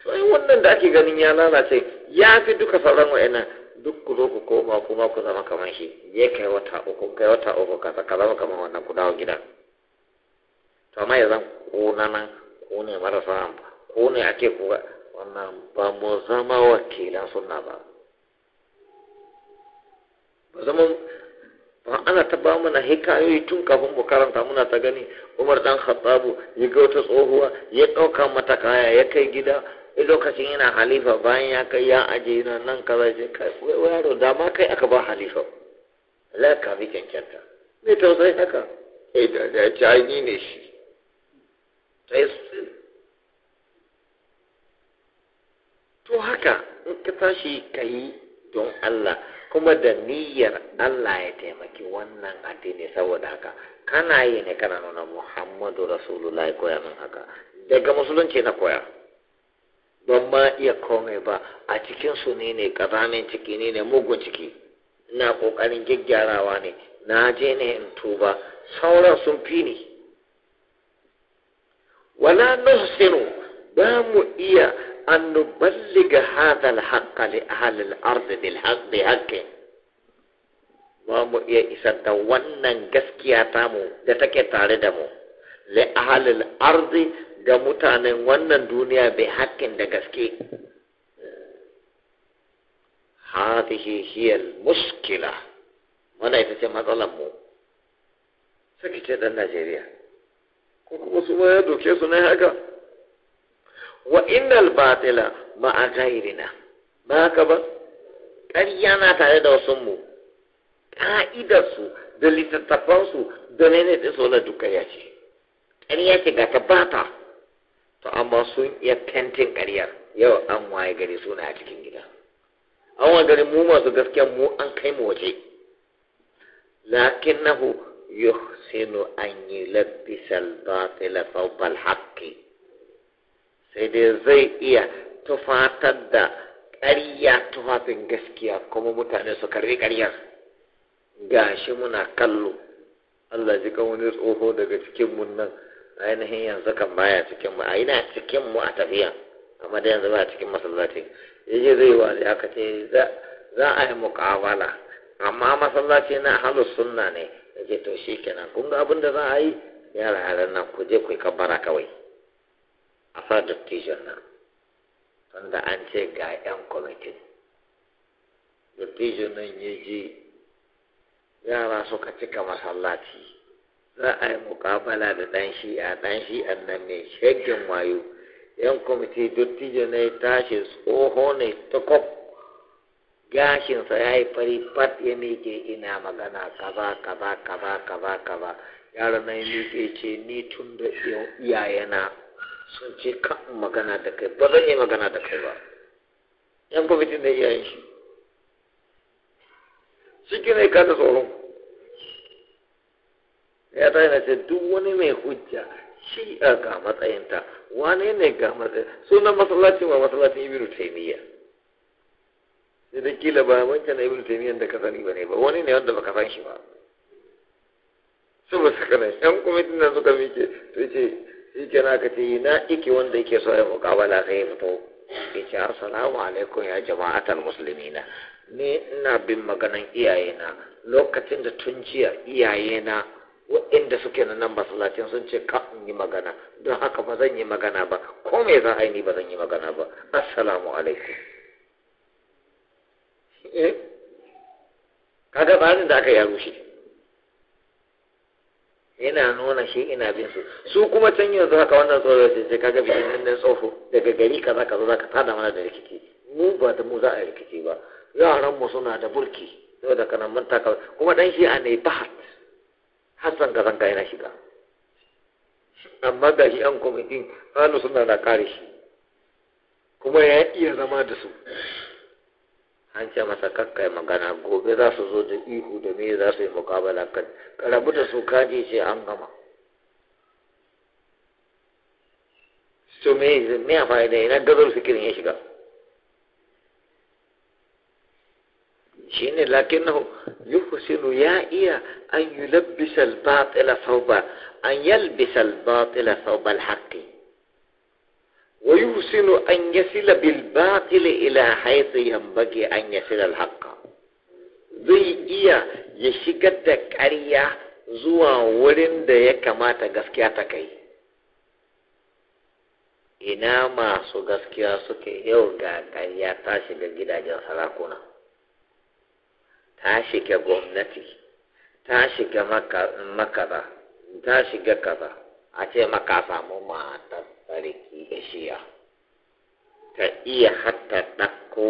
sai wannan da ake ganin ya lalace ya fi duka sauran wa'ina duk ku zo ku koma kuma ku zama kamar shi ya kai wata uku kai wata uku ka saka zama kamar wannan ku dawo gida to amma ya zan ko na nan ko ne marasa amfa ko ne ake kuka wannan ba mu zama wakilan sunna ba ba zama ba ana ta ba mana hikayoyi tun kafin mu karanta muna ta gani umar dan khattabu ya ga wata tsohuwa ya ɗauka mata kaya ya kai gida lokacin yana halifa bayan ya kai ya aje yana nan kaza ce kai yaro da ma kai aka ba halifa la ka bi cancanta me tausayi haka eh da da cani ne shi to haka in ka tashi kai don Allah kuma da niyyar Allah ya taimaki wannan addini saboda haka kana yi ne kana nuna Muhammadu Rasulullah ya koya nan haka daga musulunci na koya ban ma iya komai ba a cikin su ne ne ciki ne ne mugun ciki na ƙoƙarin gyaggyarawa ne na je ne in tuba sauran sun fi ni wala nusinu ba mu iya an nuballiga hadal حق لأهل الأرض بالحق بحقه ba mu iya isar da wannan gaskiya tamu da take tare da mu li ahalil arzi ga mutanen wannan duniya bai hakkin da gaske hadhihi hiya muskila wannan ita ce matsalar mu saki ce dan Najeriya ko kuma su ma ya doke su ne haka wa innal batila ma'a ghairina ba haka ba ƙarya na tare da wasu mu ƙa'idarsu da littattafansu da mene da sola duka ya ce ƙarya ce ga tabbata to amma sun iya fentin ƙaryar yau an waye gari suna a cikin gida an waye gari mu masu gaskiya mu an kai mu waje lakin yuhsinu an yulabbisa al-batila fawqa haqqi sai dai zai iya tufatar da ƙarya tufafin gaskiya kuma mutane su karbi ƙaryar shi muna kallo Allah ji kan wani tsoho daga cikin mun nan ainihin yanzu kan baya cikin mu a cikin mu a tafiya amma da yanzu ba cikin masallaci yaje zai wazi aka ce za a yi muƙawala amma masallaci na halus sunna ne Yaje to shikenan kun ga abin da za a yi yara yaran nan ku je ku yi kabbara kawai a sa dattijan nan wanda an ce ga 'yan kwamitin dattijo nan ya je yara suka cika masallaci za a yi mukabala da ɗan shi'a ɗan a nan ne shegin wayo yan kwamiti dattijo ne tashi tsoho ne takwab gashinsa ya yi fari fat ya miƙe ina magana kaza kaza kaza kaza kaza yaran nan ya miƙe ce ni tun da iyayena sun ce kan magana da kai ba zan yi magana da kai ba yan kwamitin da yin shi shi ke ne kada tsoron ya ta yana ce duk wani mai hujja shi a ga matsayinta wani ne ga matsayin sunan masallacin wa masallacin ibiru taimiyya sai da kila ba wancan na ibnu taymiya da ka sani ba ne ba wani ne wanda ka san shi ba saboda kanai yan kwamitin da suka mike to ce shi ke na kace na iki wanda yake so ya mukabala sai ya fito ya ce assalamu alaikum ya jama'atar musulmina ni ina bin maganan iyayena lokacin da tun jiya iyayena waɗanda suke na nan masallacin sun ce ka in yi magana don haka ba zan yi magana ba ko me za a yi ni ba zan yi magana ba assalamu alaikum eh? kaga ba da aka ya rushe yana nuna shi ina bin su su kuma can yanzu haka wannan tsoro sai sai kaga bikin nan tsofo daga gari kaza kaza zaka tada mana da rikici mu ba da mu za a rikici ba yaran mu suna da burki saboda kana manta ka kuma dan shi a ne bahat hasan ga zanga yana shiga amma ga shi an kwamitin hannu suna da kare shi kuma ya iya zama da su an ce masa kakkai magana gobe za su zo da ihu da me za su yi mukabala kan karabu da su kaji ce an gama su me me a fa'ida ina gazar fikirin ya shiga shi ne lakinnahu sinu ya iya an yi labbisal batila sauba an yalbisal batila sauba al ويحسن أن يصل بالباطل إلى حيث ينبغي أن يصل الحق zai iya ya shigar da ƙarya zuwa wurin da ya kamata gaskiya ta kai ina masu gaskiya suke yau ga ƙarya ta shiga gidajen sarakuna ta shiga gwamnati ta shiga makaza ta shiga kaza a ce maka samu matar riki shiya ta iya hatta ɗakko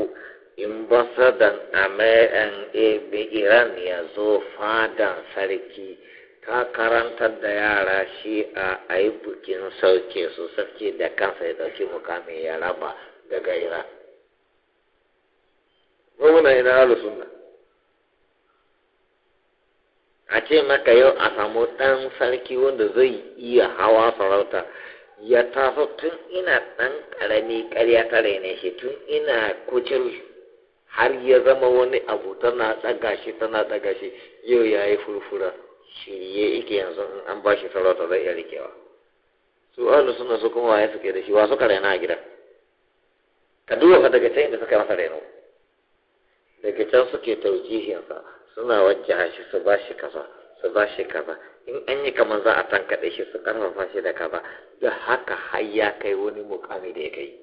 in basadan american ebe iran ya zo fadan sarki ta karantar da yara shi a aibukin sauke su sarki da kansa ya dauki mukamin ya raba daga iran muna ina halu suna. a ce maka yau a samu ɗan sarki wanda zai iya hawa sarauta ya taso tun ina ɗan ƙarami ƙarya ta raine shi tun ina kucin har ya zama wani abu tana ɗaga shi tana ɗaga shi yau ya yi furfura shirye ike yanzu in an ba shi sarauta zai iya rikewa su ahlu suna su kuma waye suke da shi wa suka raina a gida ka duba ka daga can da suka masa raino daga can suke taujihinsa suna wajen shi su ba shi kasa su ba shi kaza in an yi kamar za a tankaɗe shi su karfafa shi da kaza da haka har ya kai wani mukami da ya kai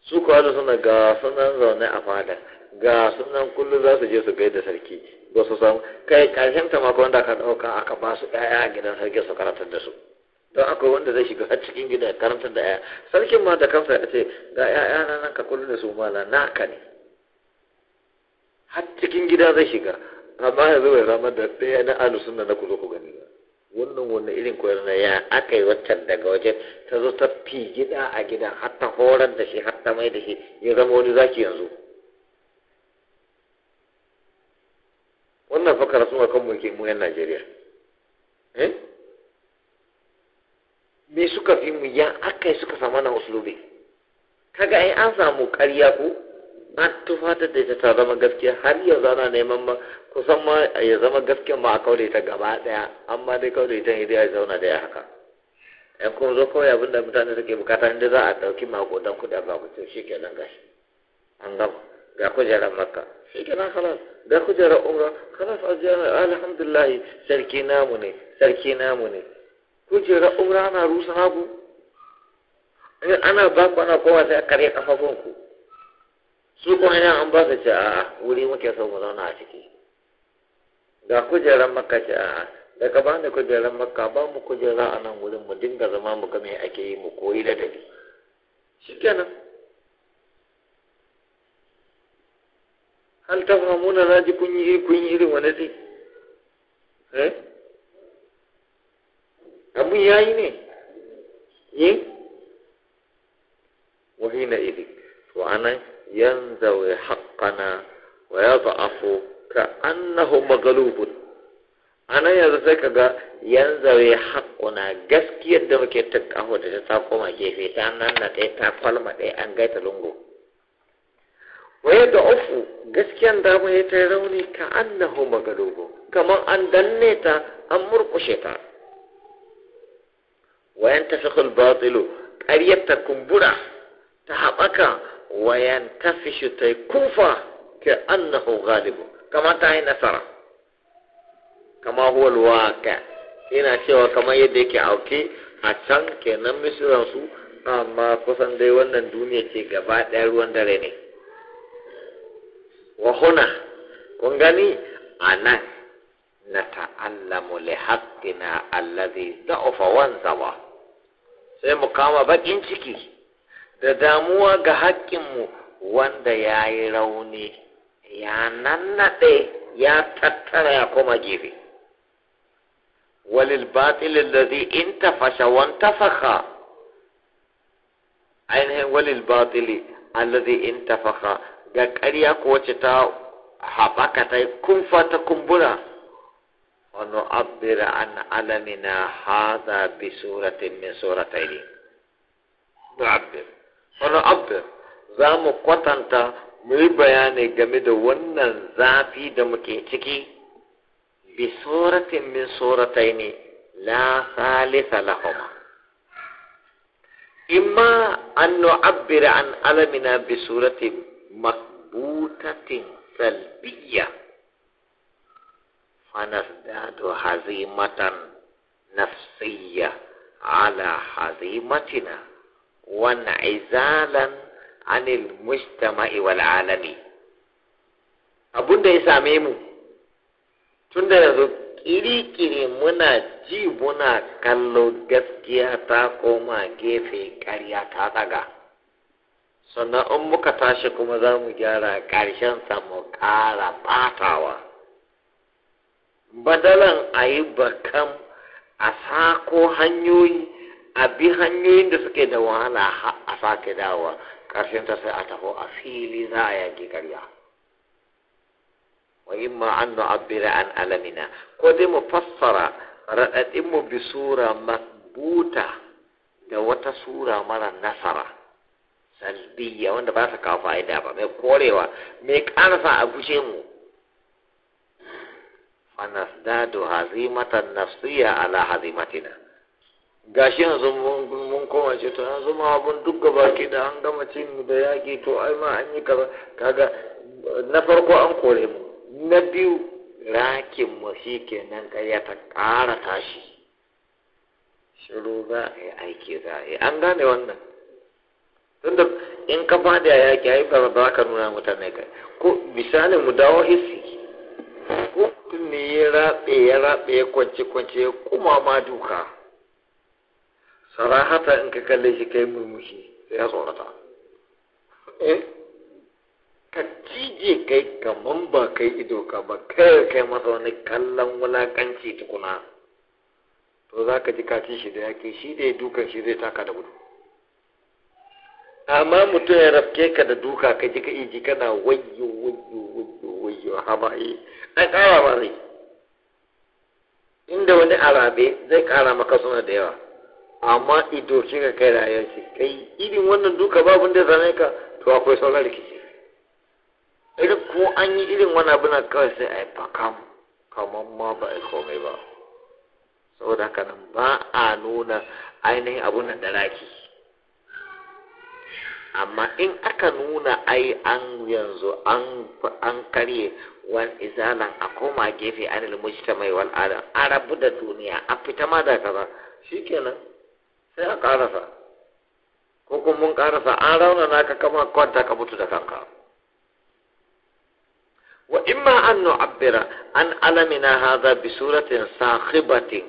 su kuwa da suna ga sunan zaune a fada ga sunan kullum za su je su gaida sarki ba su samu kai karshen ta mako wanda aka ɗauka aka ba su ɗaya a gidan sarki su karantar da su don akwai wanda zai shiga har cikin gidan karantar da ɗaya sarkin ma da kansa ya ce ga ƴaƴa na nan ka kullum da su mala naka ne har cikin gida zai shiga amma yanzu bai zama da ɗaya na alu sunna na ku zo ku gani ba wannan wannan irin koyar na ya aka yi waccan daga waje ta zo ta fi gida a gidan har ta horar da shi har ta mai da shi ya zama wani zaki yanzu wannan fakar sun akan mulki mu yan Najeriya eh me suka fi mu ya aka yi suka samu na uslubi kaga ai an samu ƙarya ko na tufa da ita ta zama gaskiya har yau zana neman ma kusan ma ya zama gaskiya ma a kaure ta gaba daya amma dai kaure ta hidaya ya zauna da ya haka ya kuma zo kawai abin da mutane suke bukata inda za a ɗauki makodan kuɗa ba sai shi kenan gashi an gama ga kujerar makka shi kenan halas ga kujerar umra halas alhamdulillah sarki namu ne sarki namu ne kujerar umra ana rusa hagu ana ba ku ana kowa sai a karya kafafunku su kuma yana an ba su ce a wuri muke so mu zauna a ciki ga kujerar maka ce a daga ba ni kujerar maka ba mu kujera a nan wurin mu dinga zama mu ga me ake yi mu koyi da dabi kenan hal tafhamuna na ji kun yi kun yi irin wani zai eh abun yi ne yi wahina idik to anan yanzawi haqqana wa yad'afu ka annahu maghlubun anan yanzu sai kaga yanzawi haqquna gaskiyar da muke takkaho da ta koma gefe ta nan na ɗaya ta kwalma ɗaya an gaita lungu waye da ufu gaskiyan da mu ta rauni ka annahu magalubu kamar an danne ta an murkushe ta wayan tafiqul batilu ƙaryar ta kumbura ta haɓaka Wayan kufa وينتفش تيكوفا galibu kama ta yi nasara kama huwalwa ka ina cewa kama yadda yake auke a can kenan misiransu amma kusan dai wannan duniya ce gaba ɗaya ruwan dare ne wahuna kun gani a nan na ta'allamu li haqqina allazi da'ufa wanzawa sai mu kama baƙin ciki da damuwa ga haƙƙinmu wanda ya yi rauni ya nannaɗe ya tattara ya koma gefe walil batil da in in tafasha wan faka, ainihin walil batil allazi in faka ga ƙarya ko wacce ta haɓaka ta kumfa ta kumbura wani abira an alamina haza bi suratin min surataini nu'abbir wani abin za mu kwatanta mu bayani game da wannan zafi da muke ciki bi suratin min suratai ne la salisa lahuma imma an nu'abbira an alamina bi suratin makbutatin salbiya fanasdadu hazimatan nafsiyya ala hazimatina wan'izalan anil mujtama'i wal alami abun da ya same mu tun da yanzu kirikiri muna ji muna kallo gaskiya ta koma gefe ƙarya ta daga sannan in muka tashi kuma za mu gyara sa mu ƙara ɓatawa badalan a yi bakan a sako hanyoyi a bi hanyoyin da suke da wahala a sake dawa ƙarshen ta sai a taho a fili za a yaki karya wa imma an nu'abbira an alamina ko dai mu fassara raɗaɗin mu bi sura makbuta da wata sura mara nasara salbiya wanda ba ta kawo fa'ida ba mai korewa mai ƙarfa a gushe mu fanasdadu hazimatan nafsiya ala hazimatina gashi yanzu mun koma ce to yanzu ma abun duk gaba ke da an gama cin da yaƙi to ai ma an yi kaza kaga na farko an kore mu na biyu rakin mu shi kenan ƙarya ta ƙara tashi shiru za a yi aiki za a yi an gane wannan tunda in ka a yaƙi ai ba za ka nuna mutane kai ko misalin mu dawo hissi ko mutum ne ya raɓe ya raɓe ya kwance kwance ya kuma ma duka sarahata in ka kalle shi kai murmushi sai ya tsorata eh ka cije kai kaman ba kai ido ka ba kai kai masa wani kallon wulakanci tukuna to za ka ji kaci shi da yake shi da ya dukan shi zai taka da gudu amma mutum ya rafke ka da duka ka ji ka iji kana wayyo wayyo wayyo wayyo haba'i an kara ba zai inda wani arabe zai kara maka suna da yawa amma ido ka kai rayuwa ce kai irin wannan duka babun da zane ka to akwai sauran rikici irin ko an yi irin wani abu na kawai sai a yi fakam kamar ma ba a komai ba saboda haka nan ba a nuna ainihin abun nan da raki amma in aka nuna ai an yanzu an an karye wal izalan a koma gefe anil mujtama wal alam a rabu da duniya a fita ma da kaza shikenan sai an karasa ko kuma an rauna ka kama kwanta ka mutu da kanka wa ima an nu'abbira an alamina hadha bi suratin sakhibatin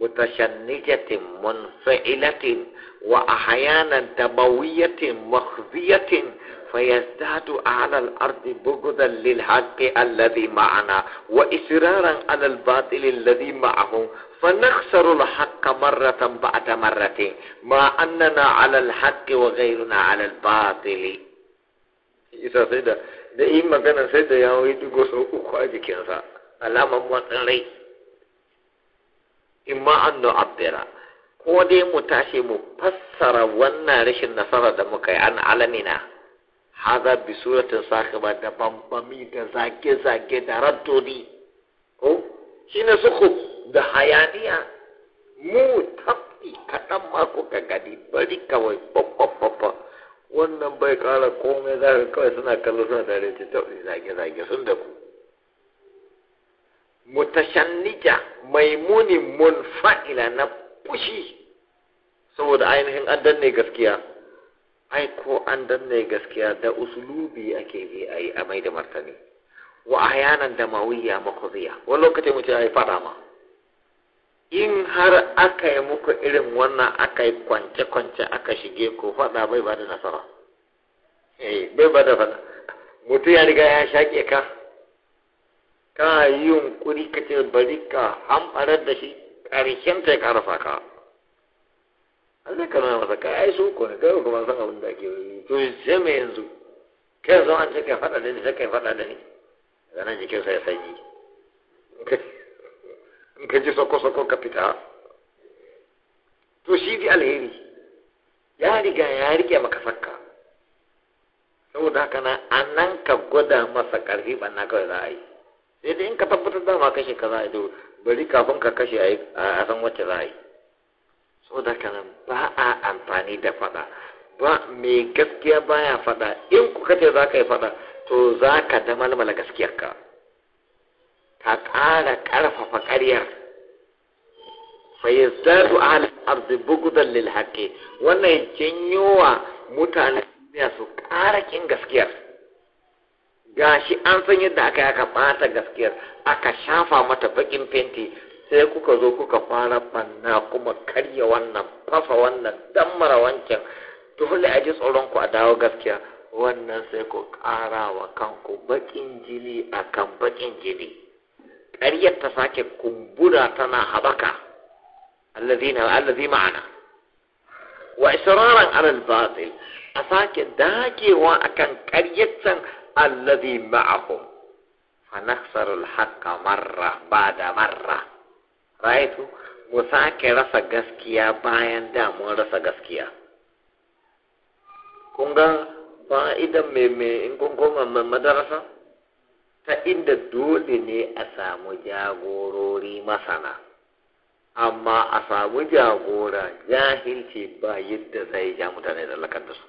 mutashannijatin munfa'ilatin wa ahyanan tabawiyatin makhfiyatin فيزداد على الأرض بغضا للحق الذي معنا وإصرارا على الباطل الذي معه فنخسر الحق مرة بعد مرة ما أننا على الحق وغيرنا على الباطل إذا سيدا da yi magana sai da yawo yi dugo sau uku a jikinsa alamar matsin rai imma an abbera ko dai mu tashi mu fassara wannan rashin nasara da muka yi an alamina haza bi suratin sakaba da bambami da zage-zage da rattoni ko shi ne suku da hayaniya mu tafi kaɗan mako ka gani bari kawai babba wannan bai ƙara komai za ka kawai suna kallo suna da rinci zage-zage sun da ku mutashannija mai muni mun fa'ila na fushi saboda ainihin an danne gaskiya ai ko an danne gaskiya da usulubi ake bi a yi a mai da martani wa ahyanan da mawiya makuziya wani lokacin mu ce ai fada ma in har aka yi muku irin wannan aka yi kwance-kwance aka shige ko fada bai ba da nasara eh bai ba da fada mutum ya riga ya shaƙe ka ka yi yunkuri ka ce bari ka hamɓarar da shi ƙarshen ta ya ƙarfa ka an zai kana masa kai ai sun ne kai kuma san abin da ake yi to sai mai yanzu kai zo an ce kai faɗa da ni sai kai faɗa da ni daga nan sai ya sanyi in ka ji sako-sako ka fita to shi fi alheri ya riga ya rike maka sakka saboda haka na a nan ka gwada masa ƙarfi ɓanna kawai za a yi sai dai in ka tabbatar dama kashe ka za a yi bari kafin ka kashe a san wacce za a yi so da kanan ba a amfani da faɗa ba mai gaskiya baya faɗa in kuka ce za ka yi faɗa to za ka da malmala gaskiyarka ka ƙara ƙarfafa ƙaryar fayyazadu ala arzi bugudan lil haƙƙi wannan janyowa mutane duniya su ƙara ƙin gaskiyar gashi an san yadda aka yi aka ɓata gaskiyar aka shafa mata baƙin fenti sai kuka zo kuka fara banna kuma karya wannan fafa wannan damara wancan dole a ji tsoron ku a dawo gaskiya wannan sai ku ƙara wa kanku baƙin jini a kan baƙin jini ƙaryar ta sake kumbura tana habaka allazi ma'ana wa israran alal batil a sake dagewa akan ƙaryar can allazi ma'ahum fa nakhsaru al-haqqa marra ba'da marra raitu mu sake rasa gaskiya bayan da rasa gaskiya Kunga ga fa'idan mai mai in kun mai madarasa ta inda dole ne a samu jagorori masana amma a samu jagora jahilci ba yadda zai ja mutane da lakanta su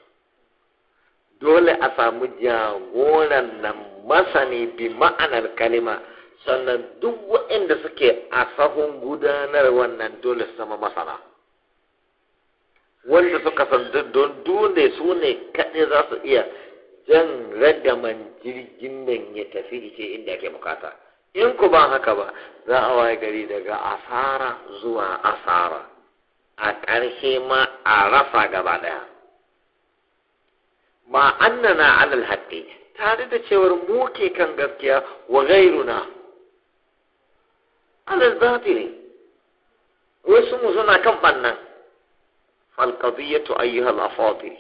dole a samu jagoran nan masani bi ma'anar kalima sannan duk waɗanda suke a sahun gudanar wannan dole su zama masana wanda suka san don dole su ne kaɗai za su iya jan ragaman jirgin nan ya tafi ice inda ake bukata in ku ba haka ba za a waye gari daga asara zuwa asara a ƙarshe ma a rasa gaba ɗaya ma annana alal haƙƙi tare da cewar muke kan gaskiya wa gairuna alal batili wasu mu suna kan bannan fal qadiyatu ayyuhal afadil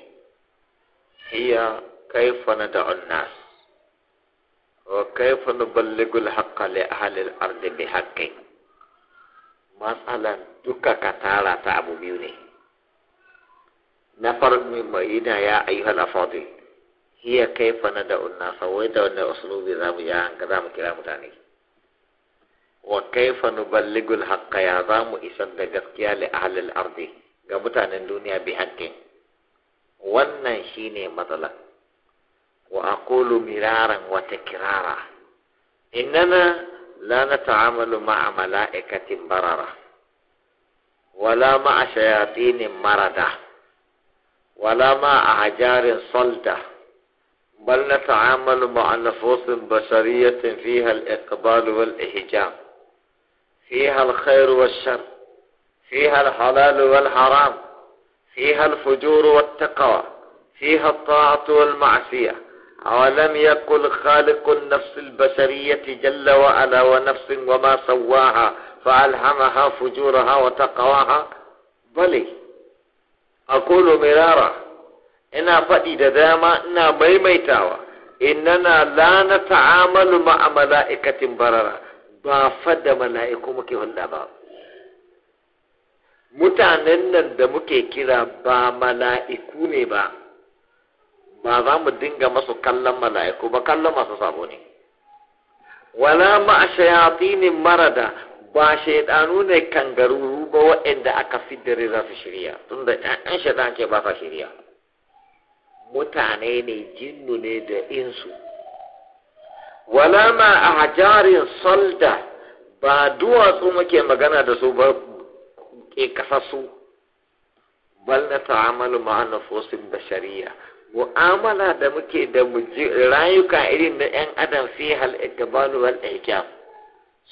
hiya kayfa na an-nas wa kayfa nuballighu al-haqqa li ahli al-ardi bi haqqi matsalan duka ka tara ta abu biyu ne na farko mai yana ya ayyuhal afadil hiya kayfa na an-nas wa da wannan uslubi zamu ya hanka zamu kira mutane وكيف نبلغ الحق يا رام إسان دقيا لأهل الأرض قبطان الدنيا بحق وننشيني مطلع وأقول مرارا وتكرارا إننا لا نتعامل مع ملائكة بررة ولا مع شياطين مردة ولا مع أحجار صلدة بل نتعامل مع نفوس بشرية فيها الإقبال والإهجام فيها الخير والشر فيها الحلال والحرام فيها الفجور والتقوى فيها الطاعة والمعصية أولم يقل خالق النفس البشرية جل وعلا ونفس وما سواها فألهمها فجورها وتقواها بلي أقول مرارا إنا فدي دداما إنا ميميتاوا إننا لا نتعامل مع ملائكة بررا ba fadda mala'iku muke hulɗa ba mutanen nan da muke kira ba mala'iku ne ba ba za mu dinga masu kallon mala'iku ba kallon masu sabo ne wala ma mara marada ba shaidanu ne kangaruru ba waɗanda aka fidare za su shirya da ƴan shaidan ke ba sa shirya mutane ne jinnu ne da insu wala ma a hajarin salda ba duwatsu muke magana da su ba ke kasasu. bal na ta'amalu ma'a nafosin bashariya mu'amala da muke da rayuka irin na 'yan adam fi hal ikbalu wal ihjab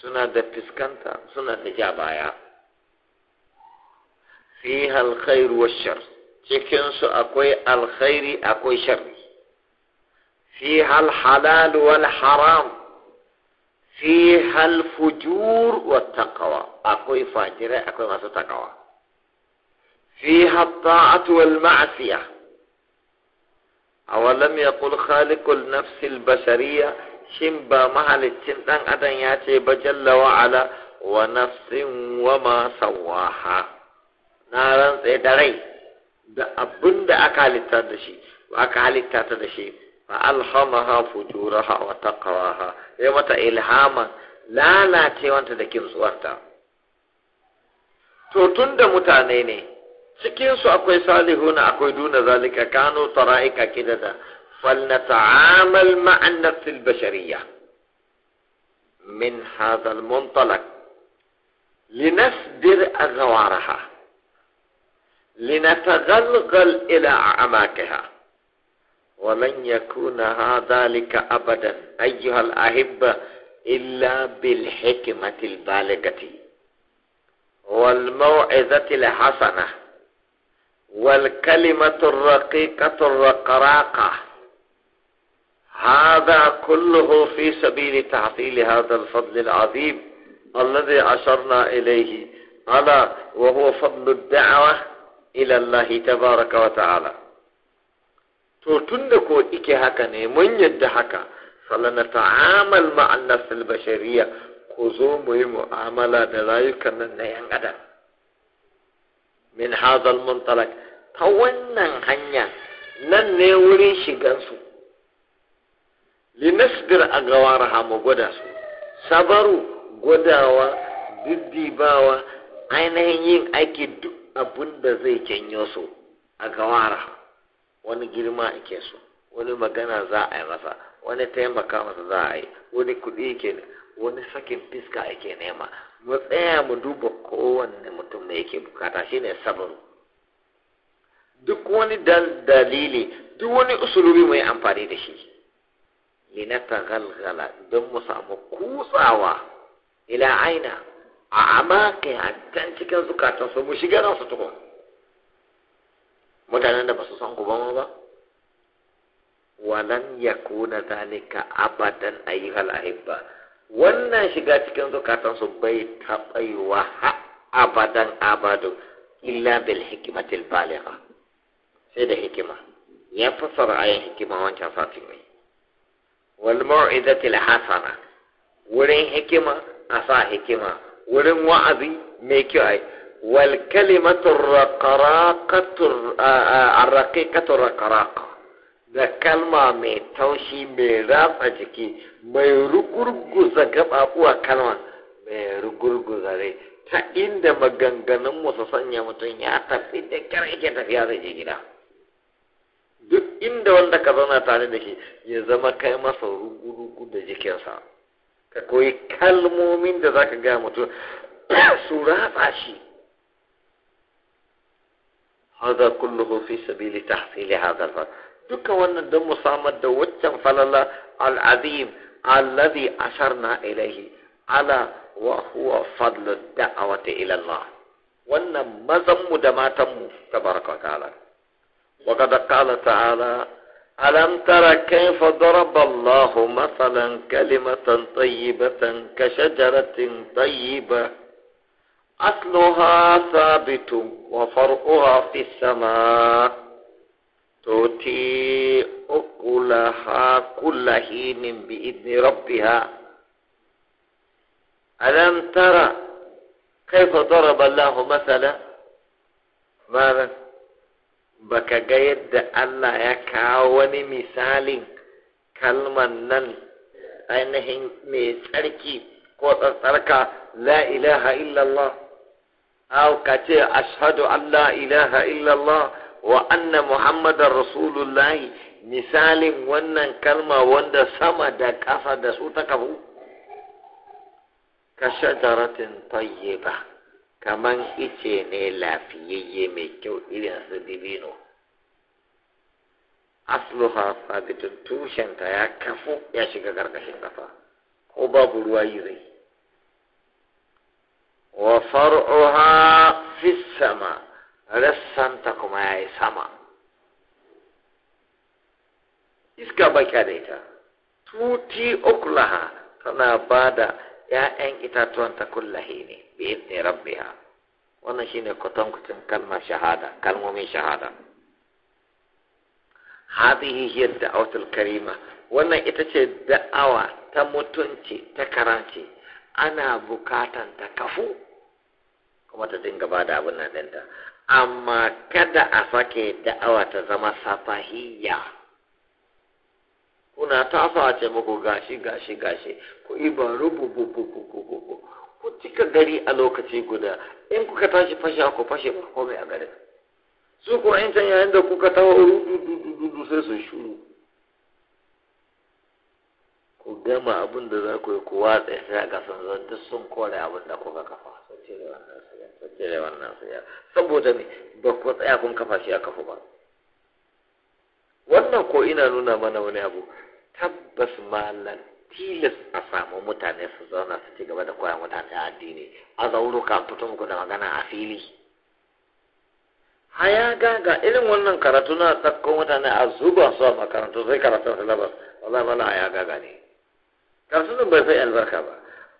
suna da fiskanta suna da ja baya fi hal khairu wash shar cikin su akwai alkhairi akwai sharri فيها الحلال والحرام فيها الفجور والتقوى أكوي فاجرة أكوي ما تقوى فيها الطاعة والمعصية أولم يقول خالق النفس البشرية شنبا مهل التنان أدن ياتي بجل وعلا ونفس وما سواها نارا سيدري da abin da aka halitta da shi aka halitta ta da shi فألهمها فجورها وتقواها يمت إلهاما لا لا تيوانت دكين صورتا to tun da mutane ne cikinsu akwai salihuna akwai duna zalika kano فلنتعامل مع النفس البشرية من هذا المنطلق لنسدر أزوارها لنتغلغل إلى أعماقها ولن يكون ذلك أبدا أيها الأحبة إلا بالحكمة البالغة والموعظة الحسنة والكلمة الرقيقة الرقراقة هذا كله في سبيل تحصيل هذا الفضل العظيم الذي أشرنا إليه ألا وهو فضل الدعوة إلى الله تبارك وتعالى to tunda ko ike haka ne mun yadda haka falana ta'amal ma'an nasil bashariya ko zo mu yi mu'amala da rayukan nan na yan adam min hazal muntalak ta wannan hanya nan ne wurin shigansu linasbir a gawar mu gwada su sabaru gwadawa diddibawa ainihin yin aiki duk abin da zai janyo su a hamu wani girma ke so wani magana za a yi masa wani taimaka masa za a yi wani kuɗi ke wani sakin fiska ake nema mu tsaya mu duba kowanne mutum da yake bukata shine sabaru duk wani dalili duk wani usulubi mu amfani da shi linata galgala don mu samu kutsawa ila aina a amakin a can cikin zukatansu mu shiga nasu tukun mutanen da ba su san uban ba walan kuna zalika abadan ayyuhal ahibba wannan shiga cikin zukatan su bai taɓaiwa abadan abadu illa bil hikimatil baligha sai da hikima ya fassara ayin hikima wancan satin ne wal mau'izatil hasana wurin hikima a sa hikima wurin wa'azi mai kyau والكلمة الرقراقة الرقيقة الرقراقة da kalma mai taushi mai rafa jiki mai rugurguza gababuwa kalma mai rugurguza rai ta inda maganganun musu sanya mutum ya tafi da kyar yake tafiya zai je gida duk inda wanda ka zauna tare da shi ya zama kai masa rugurugu da jikinsa ka koyi kalmomin da za zaka gaya mutum su ratsa shi هذا كله في سبيل تحصيل هذا الفضل تكون الدم صامت دوتا فلالا العظيم الذي أشرنا إليه على وهو فضل الدعوة إلى الله وأن مزم دماتم تبارك وتعالى وقد قال تعالى ألم تر كيف ضرب الله مثلا كلمة طيبة كشجرة طيبة أصلها ثابت وفرعها في السماء تؤتي أكلها كل حين بإذن ربها ألم ترى كيف ضرب الله مثلا ماذا بك جيد ألا يكون مثال كلمة نن أنه مثالك لا إله إلا الله aw ka ce ashhadu an la ilaha illallah wa anna muhammadar rasulullahi misalin wannan kalma wanda sama da kasa da su ta kafu ka shajaratin tayyiba kaman ice ne lafiyayye mai kyau irin su dibino asluha sabitun tushenta ya kafu ya shiga gargashin kafa ko babu ruwa yi zai wa far'uha fi sama rassanta kuma ya sama iska baka da ita tuti ukulaha tana ba da ‘ya'yan itatuwan ta kullahi ne bi rabbi rabbiha wannan shine kwatankwacin kalmar shahada kalmomin shahada hadihi hiya autul karima wannan ita ce da'awa ta mutunci ta karanci ana bukatan ta kafu kuma ta dinga ba da abin nan ɗinta amma kada a sake da'awa ta zama safahiyya kuna a ce muku gashi gashi gashi ku ba rubu ku cika gari a lokaci guda in kuka tashi fashe ku fashe ba komai a garin su kuma in can yayin da kuka tawa rudu sai sun shuru ku gama abin da za ku yi ku watsa sa ga sun zan duk sun kore abin da kuka kafa cire wannan saboda ne ba ku tsaya kun kafa shi a kafa ba wannan ko ina nuna mana wani abu tabbas malam tilas a samu mutane su zauna su ci gaba da koya mutane addini a zauruka fito muku da magana a fili haya gaga irin wannan karatu na tsakko mutane a zuba su a makarantu sai karatun silabas wala bala haya gaga ne karatun bai sai albarka ba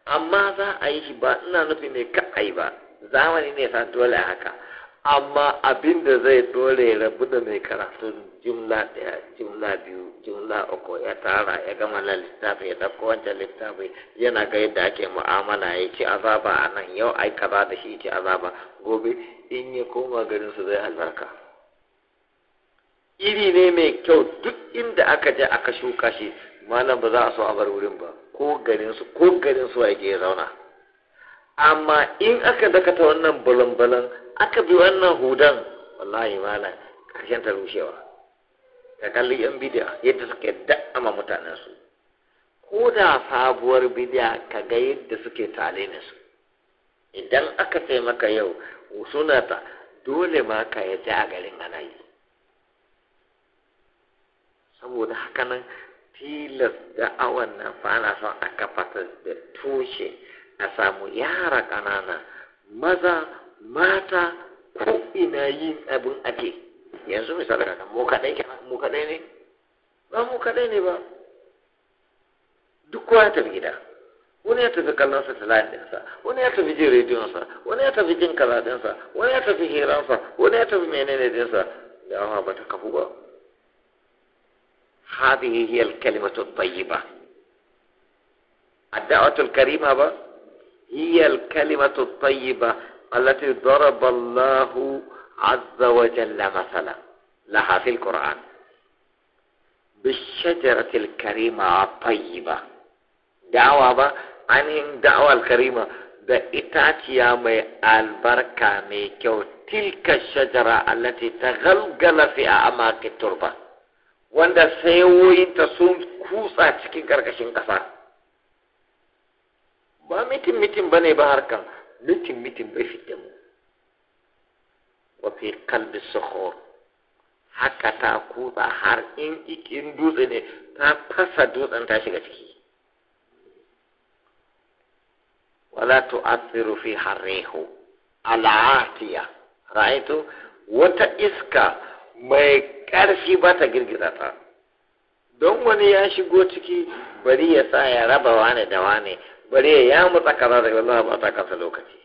amma za a yi shi ba ina nufi ne ka ba zamani ne sa dole haka amma abin da zai dole rabu da mai karatu jumla daya jumla biyu jumla uku ya tara ya gama na littafi ya ɗauko wancan littafi yana ga yadda ake mu'amala ya ce azaba a nan yau ai kaza da shi ce azaba gobe in ya koma garin su zai albarka iri ne mai kyau duk inda aka je aka shuka shi malam ba za a so a bar wurin ba ko garin su ko garin su ake zauna amma in aka dakata wannan balan-balan aka bi wannan hudan wallahi malam karshen ta rushewa ka kalli yan bidiya yadda suke da'ama mutanen su ko da sabuwar bidiya ka ga yadda suke tale ne su idan aka sai maka yau suna ta dole ma ka yadda a garin ana yi saboda haka nan tilas awan nan fa ana son a kafata da tushe a samu yara ƙanana maza mata ko ina yin abin ake yanzu misali ka mu kaɗai mu kaɗai ne ba mu kaɗai ne ba duk kowa ya tafi gida wani ya tafi kallon satellite wani ya tafi jin rediyonsa wani ya tafi jin kaza wani ya tafi hiransa wani ya tafi menene ɗinsa da ba ta kafu ba هذه هي الكلمة الطيبة الدعوة الكريمة هي الكلمة الطيبة التي ضرب الله عز وجل مثلا لها في القرآن بالشجرة الكريمة الطيبة دعوة بقى ainihin الكريمة بإتات يا itaciya تلك الشجرة التي kyau في أعماق التربة wanda ta sun kutsa cikin ƙarƙashin ƙasa ba mitin mitin ba ne ba harka, mitin mitin bai fita mu wafi kalbi sukhur haka ta kusa har in ikin dutse ne ta fasa dutsen ta shiga ciki wala tu'athiru fi harrihu al'atiya ra'aitu wata iska mai ƙarfi ba ta girgiza ta don wani ya shigo ciki bari ya sa ya raba wane da wane bari ya yamutsa kaza da Allah ba ta kasa lokaci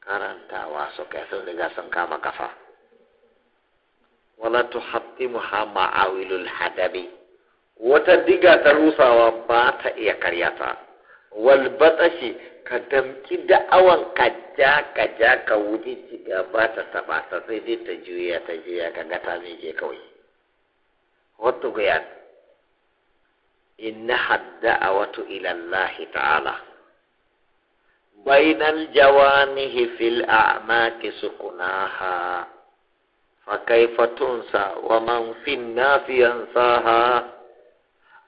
karantawa su kai sun riga sun kama kafa wala Muhammad Awilul hadabi wata diga ta rusawa ba ta iya karyata wal batashi ka damki da'awan ka ja ka ja ka wuce ga ba ta taba ta sai dai ta juya ta juya ka ga ta zai je kawai wato guyan inna a ila ilallahi ta'ala bainal a fil a'maki sukunaha fa kaifa tunsa wa man fin nafi ha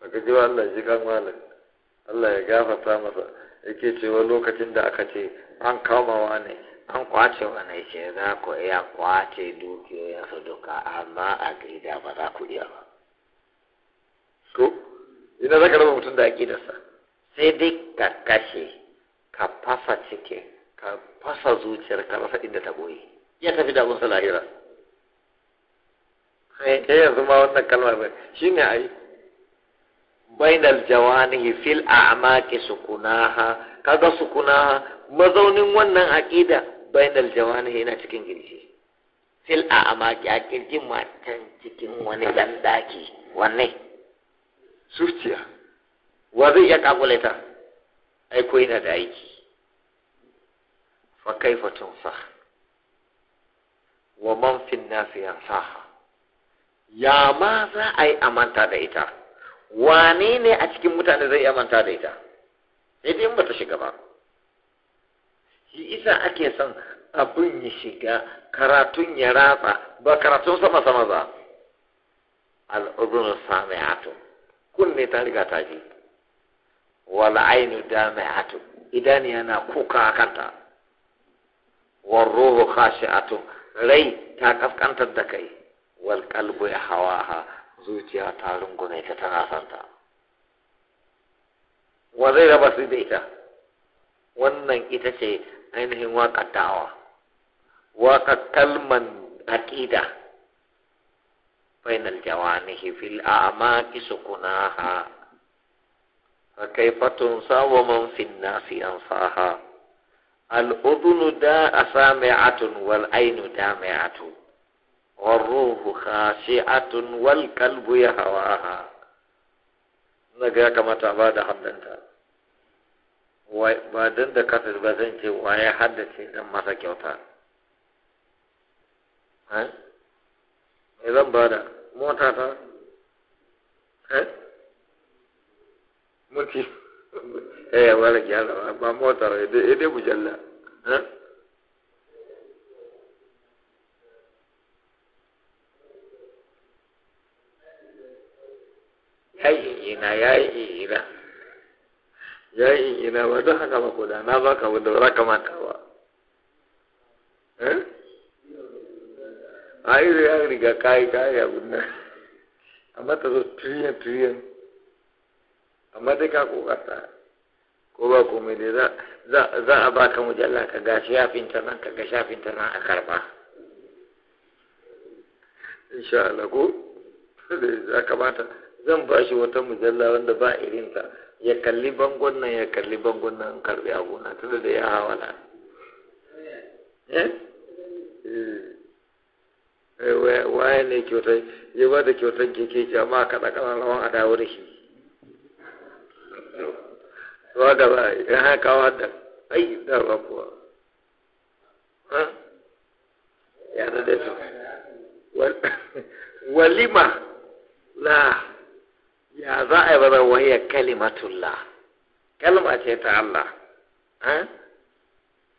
daga jiwa Allah shi kan malam Allah ya gafarta masa yake cewa lokacin da aka ce an kama wa ne an kwace wa ne ce za ku iya kwace su duka amma a gida ba za ku iya ba ko ina za ka raba mutum da aƙidarsa sai dai ka kashe ka fasa cike ka fasa zuciyar ka rasa inda ta goyi ya tafi da musu lahira kai yanzu ma wannan kalmar shi ne a yi bainal jawani fil a'maki sukunaha kaga sukunaha mazaunin wannan aqida bainal jawani yana cikin girji fil a'maki a kirjin matan cikin wani dan daki wanne sufiya wa zai iya kabule ta ai ko yana da aiki fa kaifa tunsa wa man fin nasi yansaha ya ma za a yi amanta da ita wane ne a cikin mutane zai iya manta da ita dai ba ta shiga ba shi isa ake son abin ya shiga karatun ya ratsa ba karatun sama sama ba al'udun sami'atu kunne ta riga ta ji wal ainu dami'atu idan yana kuka a kanta wal ruhu khashi'atu rai ta kaskantar da kai wal qalbu ya ha zuciya ta rungume ta tana santa wa zai raba su da ita wannan ita ce ainihin waka dawa waƙar kalman aƙida bainal jawanihi fil a'maqi sukunaha fa kayfa tunsa man fin nasi ansaha al udhunu da asami'atun wal ainu dami'atun warruhu khashi'atun wal qalbu yahwaha naga ya kamata ba da haddanta ba dan da kafir ba zan ce wa ya haddace dan masa kyauta ha me zan bada mota ta eh mulki eh wala gyara ba mota dai dai mujalla eh ina ya yi ina ya yi ina ba don haka ba ko da na baka wanda ba ka mata ba eh? a yi ya riga kayi kayi a nan amma ta zo tiriyan tiriyan amma dai ka ta ko ba komai dai za a baka mujalla ka ga shafin ta nan ka ga shafin ta nan a karba insha Allah ko da ka bata. zan ba shi wata mujalla wanda ba irinta ya kalli bangon nan ya kalli bangon nan karbi abuna tunda da ya hawala eh? Eh. Eh, waye ne kyautar ya ba da kyautar keke ce amma kada kana rawan a dawo da shi ba da ba in haka wadda ai da ba kuwa ya da da su walima la ya za a yi ba zan wahiyar kalimatullah kalma ce ta Allah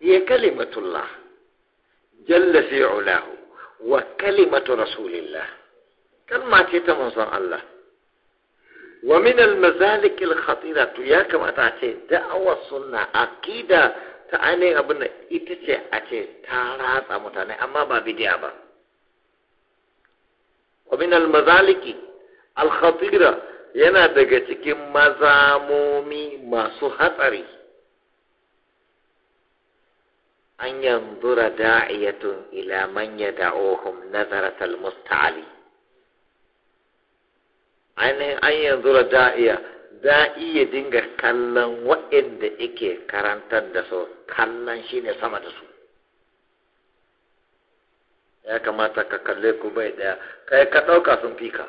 ya kalimatullah jalla fi ulahu wa kalimatu rasulillah kalma ce ta manzon Allah wa min al-mazalik al ya kamata a ce da'awar sunna akida ta ainihin abin da ita ce a ce ta ratsa mutane amma ba bidiya ba wa min al-mazaliki al yana daga cikin mazamomi masu hatsari an yanzura da'iyatun ila man yada'uhum nazaratal musta'ali ainihin an yanzura da'iya da'iya dinga kallon waɗanda ike karantar da su kallon shine sama da su ya kamata ka kalle ku bai ɗaya kai ka ɗauka sun fi ka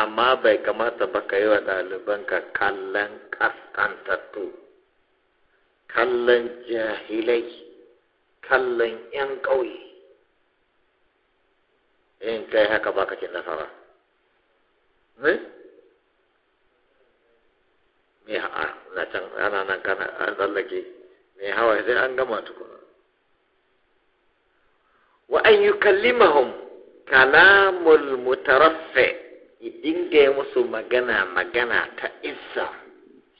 amma bai kamata ba ka yi wa ɗalibanka kallon ƙasƙantattu kallon jahilai kallon 'yan ƙauye in kai haka ba ka ke nasara me a na can ana nan kana an tsallake me hawa sai an gama tukuna wa an yukallimahum kalamul mutaraffi dinga ya musu magana magana ta isa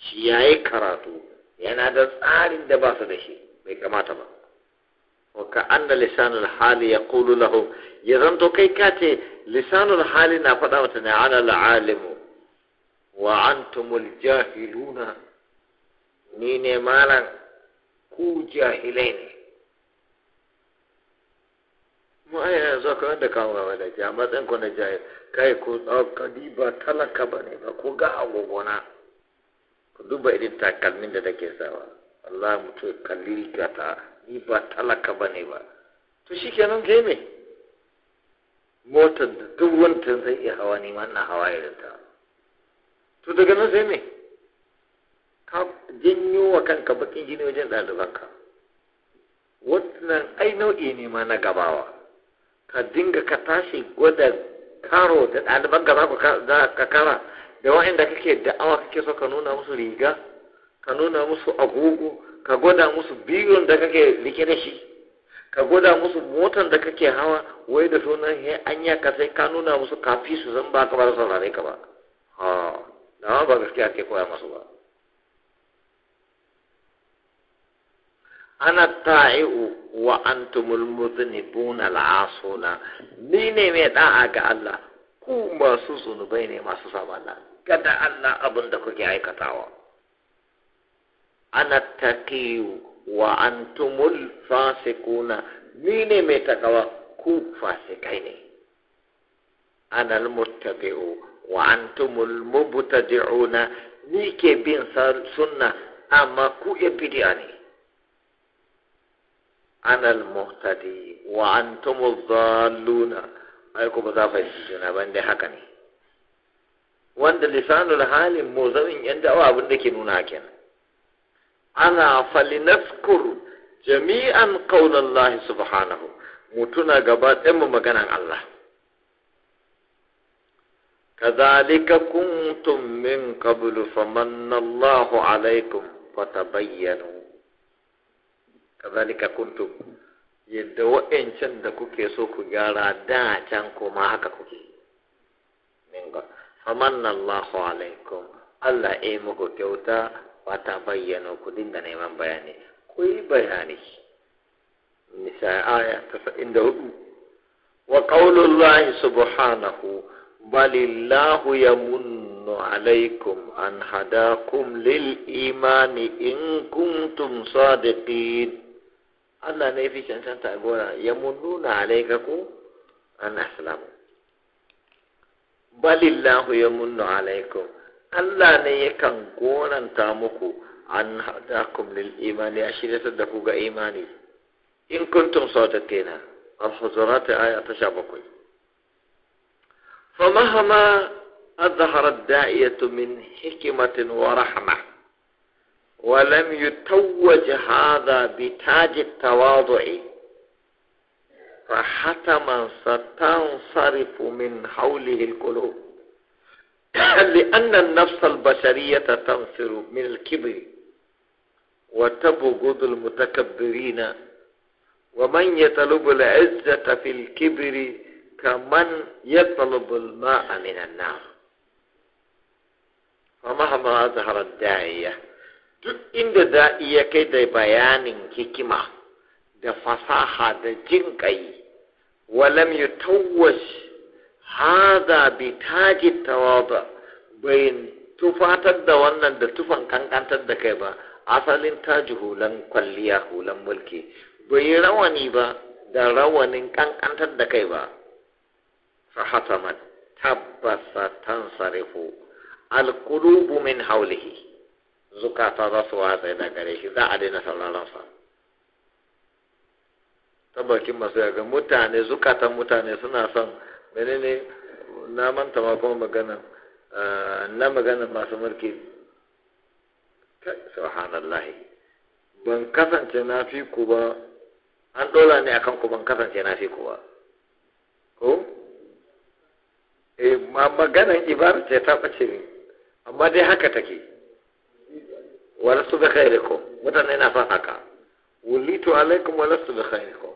shi ya yi karatu yana da tsarin da ba su da shi bai kamata ba waka an da lisanul hali ya kulu lahum ya zanto kai ka ce lisanul hali na faɗa mata ne ana la'alimu wa tumul jahiluna ni ne malam ku jahilai ne mu ai zo ka wanda kawo wa da ke a matsayin ku na jahil kai ko ni ba talaka ba ne ba ko ga agogona ku duba irin takalmin da take sawa Allah mutu kalli ga ta ni ba talaka ba ne ba to shi kenan ke me motar da duk wancan zai iya hawa ne ma na hawa irin ta to daga nan sai me ka janyo wa kanka bakin jini wajen ka wannan ai nau'i ne ma na gabawa ka dinga ka tashi gwada karo da ɗaliban gaba ka kara da wa'inda kake da'awa kake so ka nuna musu riga ka nuna musu agogo ka gwada musu biyun da kake rike da shi ka gwada musu motan da kake hawa wai da sunan he anya ka sai ka nuna musu kafi su zan ba ka ba da saurare ka ba ha ah, ba gaskiya ke koya masu ba ana ta'i'u wa antumul muznibuna al'asuna ni ne mai da'a ga Allah ku masu zunubai ne masu sabana kada Allah abin da kuke aikatawa ana taqiyu wa antumul fasikuna ni ne mai takawa ku fasikai ne ana almuttabi'u wa antumul mubtadi'una ni ke bin sunna amma ku ibdi'a ne ana al-muhtadi wa antum adh ai ko ba za fa juna ban dai haka ne wanda lisanul halin muzawin yan da'awa abin da ke nuna kenan ana fali falinafkur jami'an qaulallahi subhanahu mutuna gaba ɗayan mu maganan Allah كذلك kuntum min qablu famanna ba ta fatabayyanu kazalika kuntum yadda wa'ancan da kuke so ku gyara da can kuma haka kuke ninga famanna Allahu alaikum Allah ya muku kyauta ba ta bayyana ku dinga neman bayani ku yi bayani nisa aya ta sa'in da hudu wa qaulullahi subhanahu balillahu yamunnu alaikum an hadakum lil imani in kuntum sadiqin Allah ne fi cancanta gora ya mununa alaika ko an aslamu balillahu ya munnu alaikum Allah ne kan goranta muku an hadakum lil imani a shiryatar da ku ga imani in kuntum sautatena al-huzurat aya ta sha bakwai fa mahama azharat da'iyatu min hikimatin wa rahmah ولم يتوج هذا بتاج التواضع فحتما ستنصرف من حوله القلوب لأن النفس البشرية تنصر من الكبر وتبغض المتكبرين ومن يطلب العزة في الكبر كمن يطلب الماء من النار ومهما أظهر الداعية duk inda za iya kai da bayanin hikima da fasaha da jin ƙai walam yutawwash hada bi taji tawaba bai tufatar da wannan da tufan kankantar da kai ba asalin taji hulan kwalliya hulan mulki bai yi rawani ba da rawanin kankantar da kai ba fahatamat tabbasa tansarifu alqulubu min haulihi zukata za su watsa da gare shi za a daina sauraron sa ta masu yaga mutane zukatan mutane suna son menene na manta ma kuma magana eh, na magana masu mulki subhanallah ban kasance na fi ku ba an dora ne akan ku ban kasance na fi ku ba ko eh ma maganan ibar ce ta bace ne amma dai haka take walastu bi khairikum mutane na fan haka wulitu alaikum walastu bi khairikum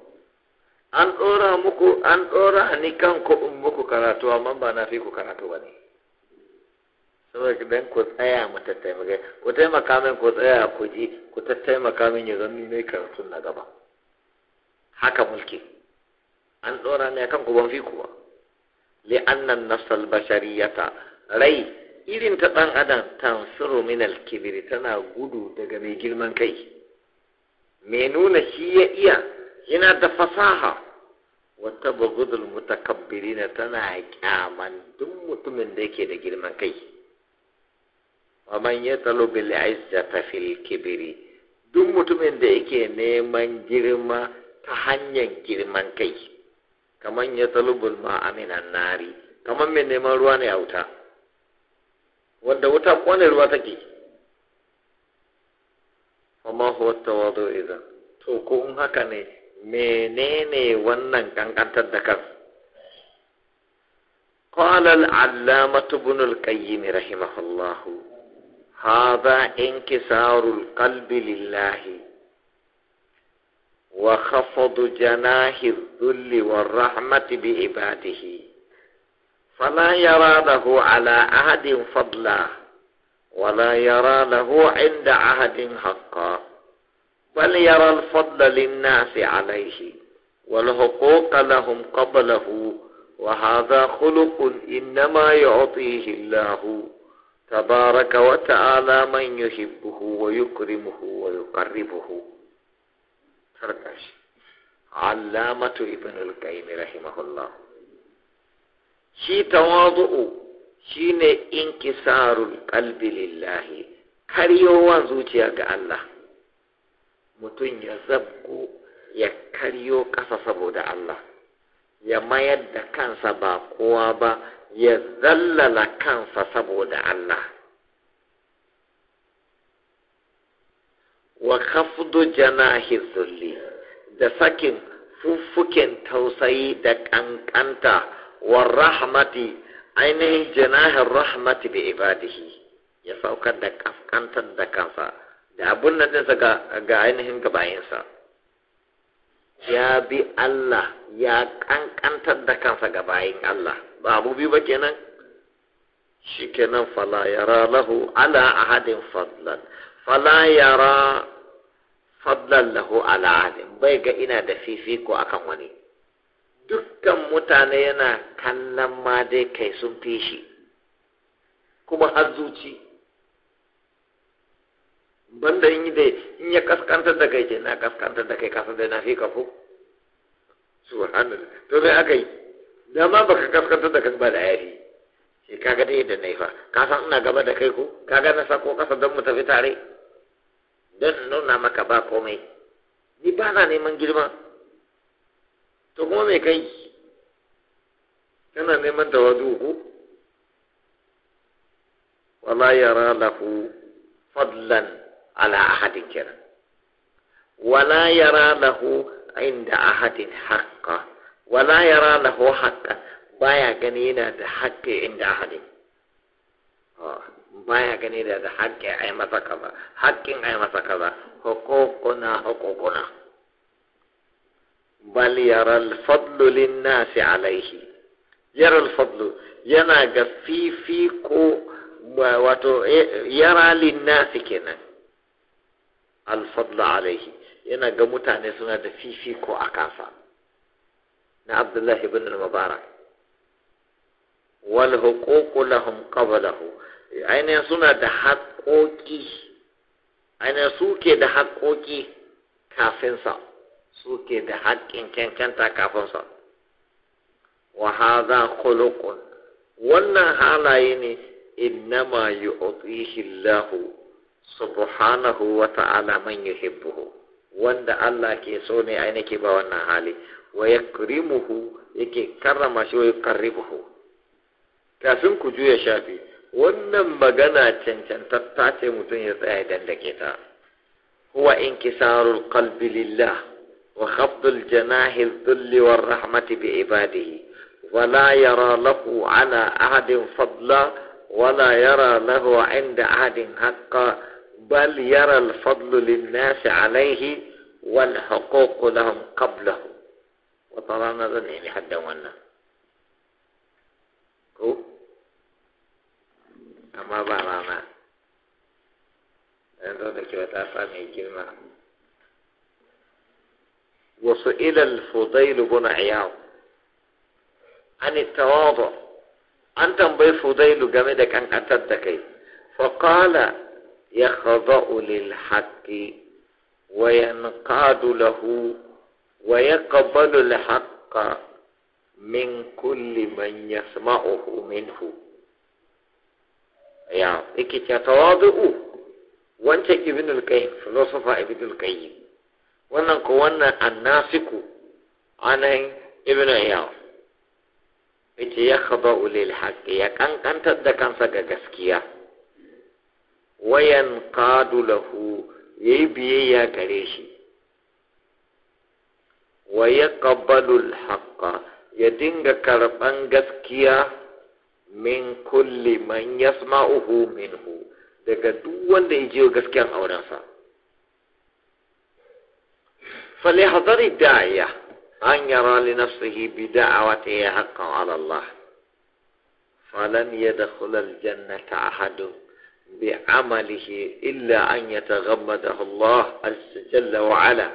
an ɗora muku an ɗora ni ko in muku karatu amma ba na fi ku karatu ba ne saboda dan ku tsaya mu tattaimaka ku taimaka min ku tsaya ku ji ku tattaimaka min ya zan ne karatu na gaba haka mulki an ɗora ne ku ban fi ku ba li'annan nasal bashariyata rai irin ta ɗan adam tansiru min alkibiri tana gudu daga mai girman kai mai nuna shi ya iya yana da fasaha wata bagudul mutakabbirina tana kyaman duk mutumin da yake da girman kai waman ya talo bil ta fil kibiri duk mutumin da yake neman girma ta hanyar girman kai kaman ya talo bul aminan nari kaman mai neman ruwa ne a wuta wadda wuta kone ruwa take amma huwa tawadu idan to ko in haka ne menene wannan kankantar da kan قال العلامة ابن القيم رحمه الله هذا انكسار القلب لله وخفض جناح الذل والرحمة بعباده فلا يرى له على أحد فضلا ولا يرى له عند عهد حقا بل يرى الفضل للناس عليه والحقوق لهم قبله وهذا خلق إنما يعطيه الله تبارك وتعالى من يحبه ويكرمه ويقربه علامة ابن القيم رحمه الله shi tawadu'u shine inkisarul qalbi lillahi karyowan zuciya ga Allah mutum ya zabgo ya karyo ƙasa saboda Allah ya mayar da kansa ba kowa ba ya zallala kansa saboda Allah wa kafdu janahi zulli da sakin fuffuken tausayi da ƙanƙanta war rahmati ainihin jinahin rahmati bi ibadihi ya saukar da kaskantar da kansa da abun nan dinsa ga ainihin gabayinsa ya bi Allah ya kankantar da kansa ga bayin Allah ba abu biyu ba kenan shi kenan fala yara lahu ala ahadin fadlan fala yara fadlan lahu ala ahadin bai ga ina da fifiko akan wani dukkan mutane yana kannan ma dai kai sun fi shi kuma har zuci banda in dai in ya kaskantar da kai ce na kaskantar da kai kasa dai na fi ka ko subhanallah to dai aka yi dama baka kaskantar da kai ba da yari shi kaga dai da na yi fa ka san ina gaba da kai ko kaga na sako kasa don mu tafi tare don nuna maka ba komai ni ba na neman girma to kuma mai kai yana neman wadu ku wala yara lahu fadlan ala ahadin kira wala yara lahu inda ahadin haqqa wala yara lahu haqqa baya gani yana da haƙƙi inda ahadin baya gani da da haƙƙi ai masa kaza haƙƙin ai masa kaza hukukuna hukukuna bal yaral fadlu linnasi alaihi yaral fadlu yana ga fifiko wato yara linnasi kenan fadlu alaihi yana ga mutane suna da fifiko a kansa na abdullahi ibn mubarak wal huququ lahum qablahu ainihin suna da haƙoƙi ainihin suke da haƙoƙi sa. suke da haƙƙin cancanta kafin sa wa haza khuluqun wannan halaye ne innama yu'tihi Allah subhanahu wa ta'ala man yuhibbu wanda Allah ke so ne ai nake ba wannan hali wa yakrimuhu yake karrama shi wa yuqarribuhu kafin ku juya shafi wannan magana cancantatta ce mutum ya tsaya dandake ta huwa inkisarul qalbi lillah وخفض الجناح الذل والرحمة بعباده ولا يرى له على أحد فضلا ولا يرى له عند أحد حقا بل يرى الفضل للناس عليه والحقوق لهم قبله وطلعنا ذن يعني حد وانا هو أما بعلانا أنت كيف تعرف عن وسئل الفضيل بن عياض عن التواضع أنت تنبي فضيل جمدك أن أتدك فقال يخضأ للحق وينقاد له ويقبل الحق من كل من يسمعه منه يا يعني إكي تتواضع وانت ابن القيم فلسفة ابن القيم wannan ko wannan annasiku anan ibn ayyam yace ya khaba ulil haqqi ya kankantar da kansa ga gaskiya wayan qadu lahu yayi biyayya gare shi wa yaqbalu al haqqa ya dinga karban gaskiya min kulli man yasma'uhu minhu daga duk wanda ya jiyo gaskiyan aurensa فليحذر الداعية أن يرى لنفسه بدعوته حقا على الله فلن يدخل الجنة أحد بعمله إلا أن يتغمده الله عز جل وعلا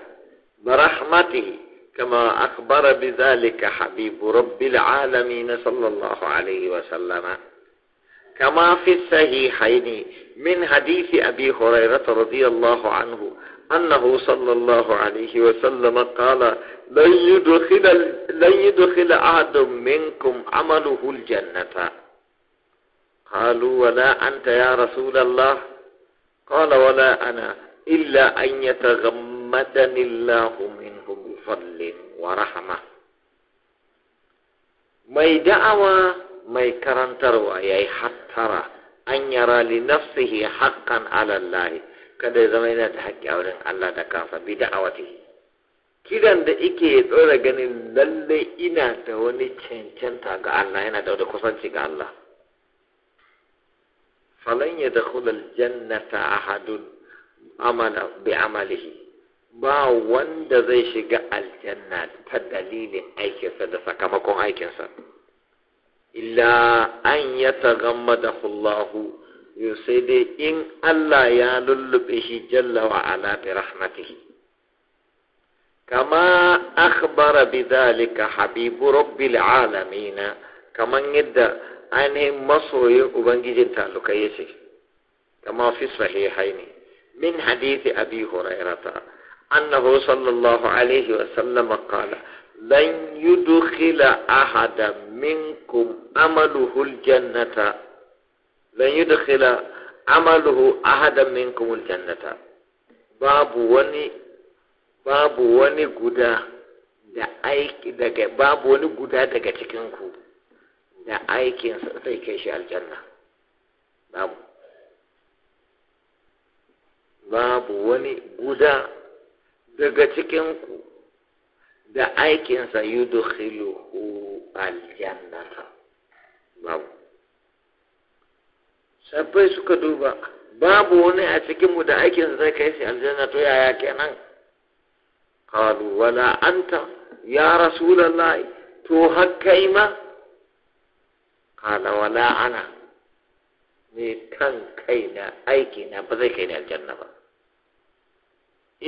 برحمته كما أخبر بذلك حبيب رب العالمين صلى الله عليه وسلم كما في الصحيحين من حديث أبي هريرة رضي الله عنه أنه صلى الله عليه وسلم قال لن يدخل, لن يدخل أحد منكم عمله الجنة قالوا ولا أنت يا رسول الله قال ولا أنا إلا أن يتغمدني الله منه بفضل ورحمة ما دعوة ما يكرن تروى حتى tara an yara li nafsihi haqqan ala Allah kada ya zama yana da haƙƙi a wurin Allah da kansa bi da awatihi kiran da ike tsora ganin lallai ina da wani cancanta ga Allah yana da kusanci ga Allah falan ya da kudal jannata ahadun amala bi amalihi ba wanda zai shiga aljanna ta dalilin aikinsa da sakamakon aikinsa. illa an ya tagammadahu Allahu sai dai in Allah ya lullube shi jalla wa ala bi kama akhbara bidhalika habibu rabbil alamin kaman yadda ainihin masoyin ubangijin talukai yace kama fi sahihaini min hadisi abi hurairata annahu sallallahu alaihi wa lan yudkhila ahada minkum amaluhu aljannata lan yudkhila amaluhu ahada babu wani babu wani guda da aiki daga babu wani guda daga cikin ku da aikin sa sai kai shi aljanna babu babu wani guda daga cikin ku da aikinsa yudkhiluhu aljannata babu sabai suka duba babu wani a cikinmu da aikinsa zai kai shi aljanna to yaya kenan qalu wala anta ya rasulullahi to har kai ma qala wala ana ne kan kai na aiki na ba zai kai ni aljanna ba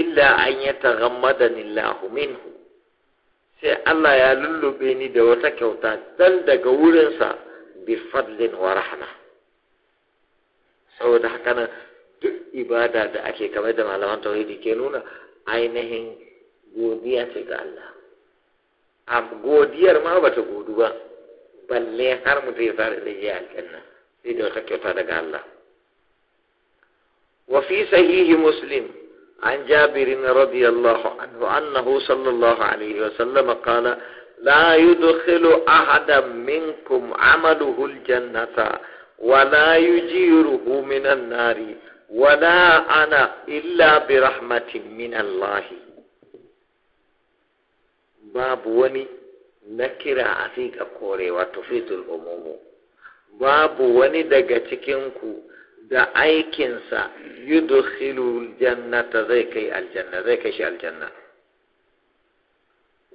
illa an yataghammadani Allahu minhu sai Allah ya lullube ni da wata kyauta dan daga wurinsa bi fadlin wa rahma saboda haka nan duk ibada da ake kamar da malaman tauhidi ke nuna ainihin godiya ce ga Allah a godiyar ma bata godu ba balle har mutum ya fara da ya aljanna sai da wata kyauta daga Allah wa fi sahihi muslim عن جابر رضي الله عنه أنه صلى الله عليه وسلم قال لا يدخل أحدا منكم عمله الجنة ولا يجيره من النار ولا أنا إلا برحمة من الله باب وني nakira a fi ka korewa tufidul umumu babu wani daga cikinku da aikinsa yudkhilu jannata zai kai aljanna zai kai shi aljanna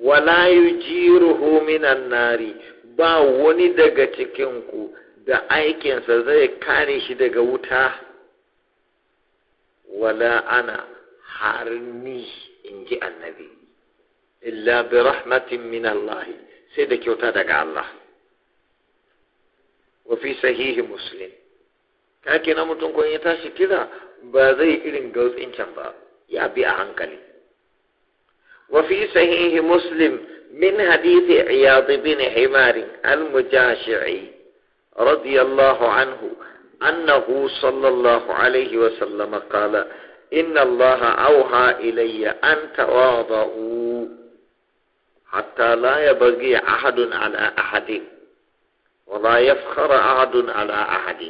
wala yujiruhu minan nari ba wani daga cikinku da aikinsa zai kare shi daga wuta wala ana har ni in ji annabi illa bi rahmatin min Allah sai da kyauta daga Allah wa fi sahihi muslim ka kenan mutum ko ya tashi kira ba zai irin gautsin can ba ya bi a hankali وفي صحيح مسلم من حديث عياض بن حمار المجاشعي رضي الله عنه أنه صلى الله عليه وسلم قال إن الله أوحى إلي أن تواضعوا حتى لا يبغي أحد على أحد ولا يفخر أحد على أحد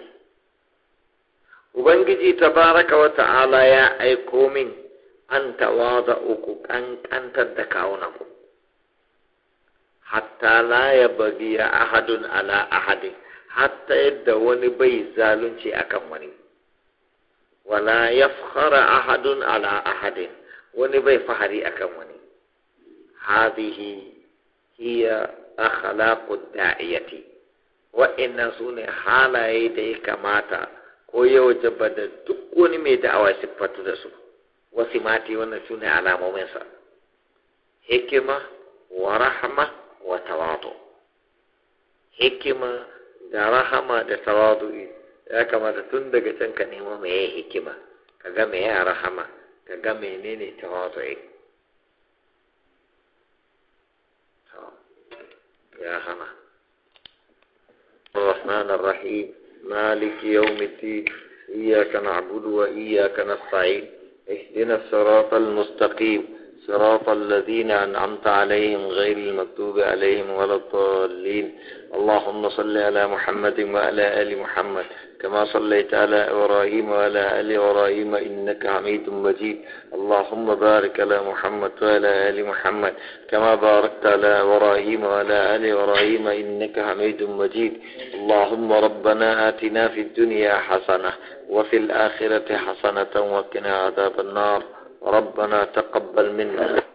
ubangiji ta Baraka wa ta'ala ya aiko min an tawaza uku ƙanƙantar da kawunanku hatta la ya ya ahadun ala ahadin hatta yadda wani bai zalunci akan wani wala ya fara ahadun ala ahadin wani bai fahari akan wani hazihi hiya akhlaqud da'iyati su ne halaye da ya kamata ko ya wajaba da duk wani mai da'awa siffatu da su wasu mati wannan su ne alamominsa hikima wa rahama wa tawadu hikima da rahama da tawadu ya kamata tun daga can ka nemo meye hikima ka ga meye rahama ka ga ne tawadu ya hana الرحمن الرحيم مالك يوم الدين إياك نعبد وإياك نستعين اهدنا الصراط المستقيم صراط الذين أنعمت عليهم غير المكتوب عليهم ولا الضالين اللهم صل على محمد وعلى آل محمد كما صليت على إبراهيم وعلى آل إبراهيم إنك حميد مجيد اللهم بارك على محمد وعلى آل محمد كما باركت على إبراهيم وعلى آل إبراهيم إنك حميد مجيد اللهم ربنا آتنا في الدنيا حسنة وفي الآخرة حسنة وقنا عذاب النار ربنا تقبل منا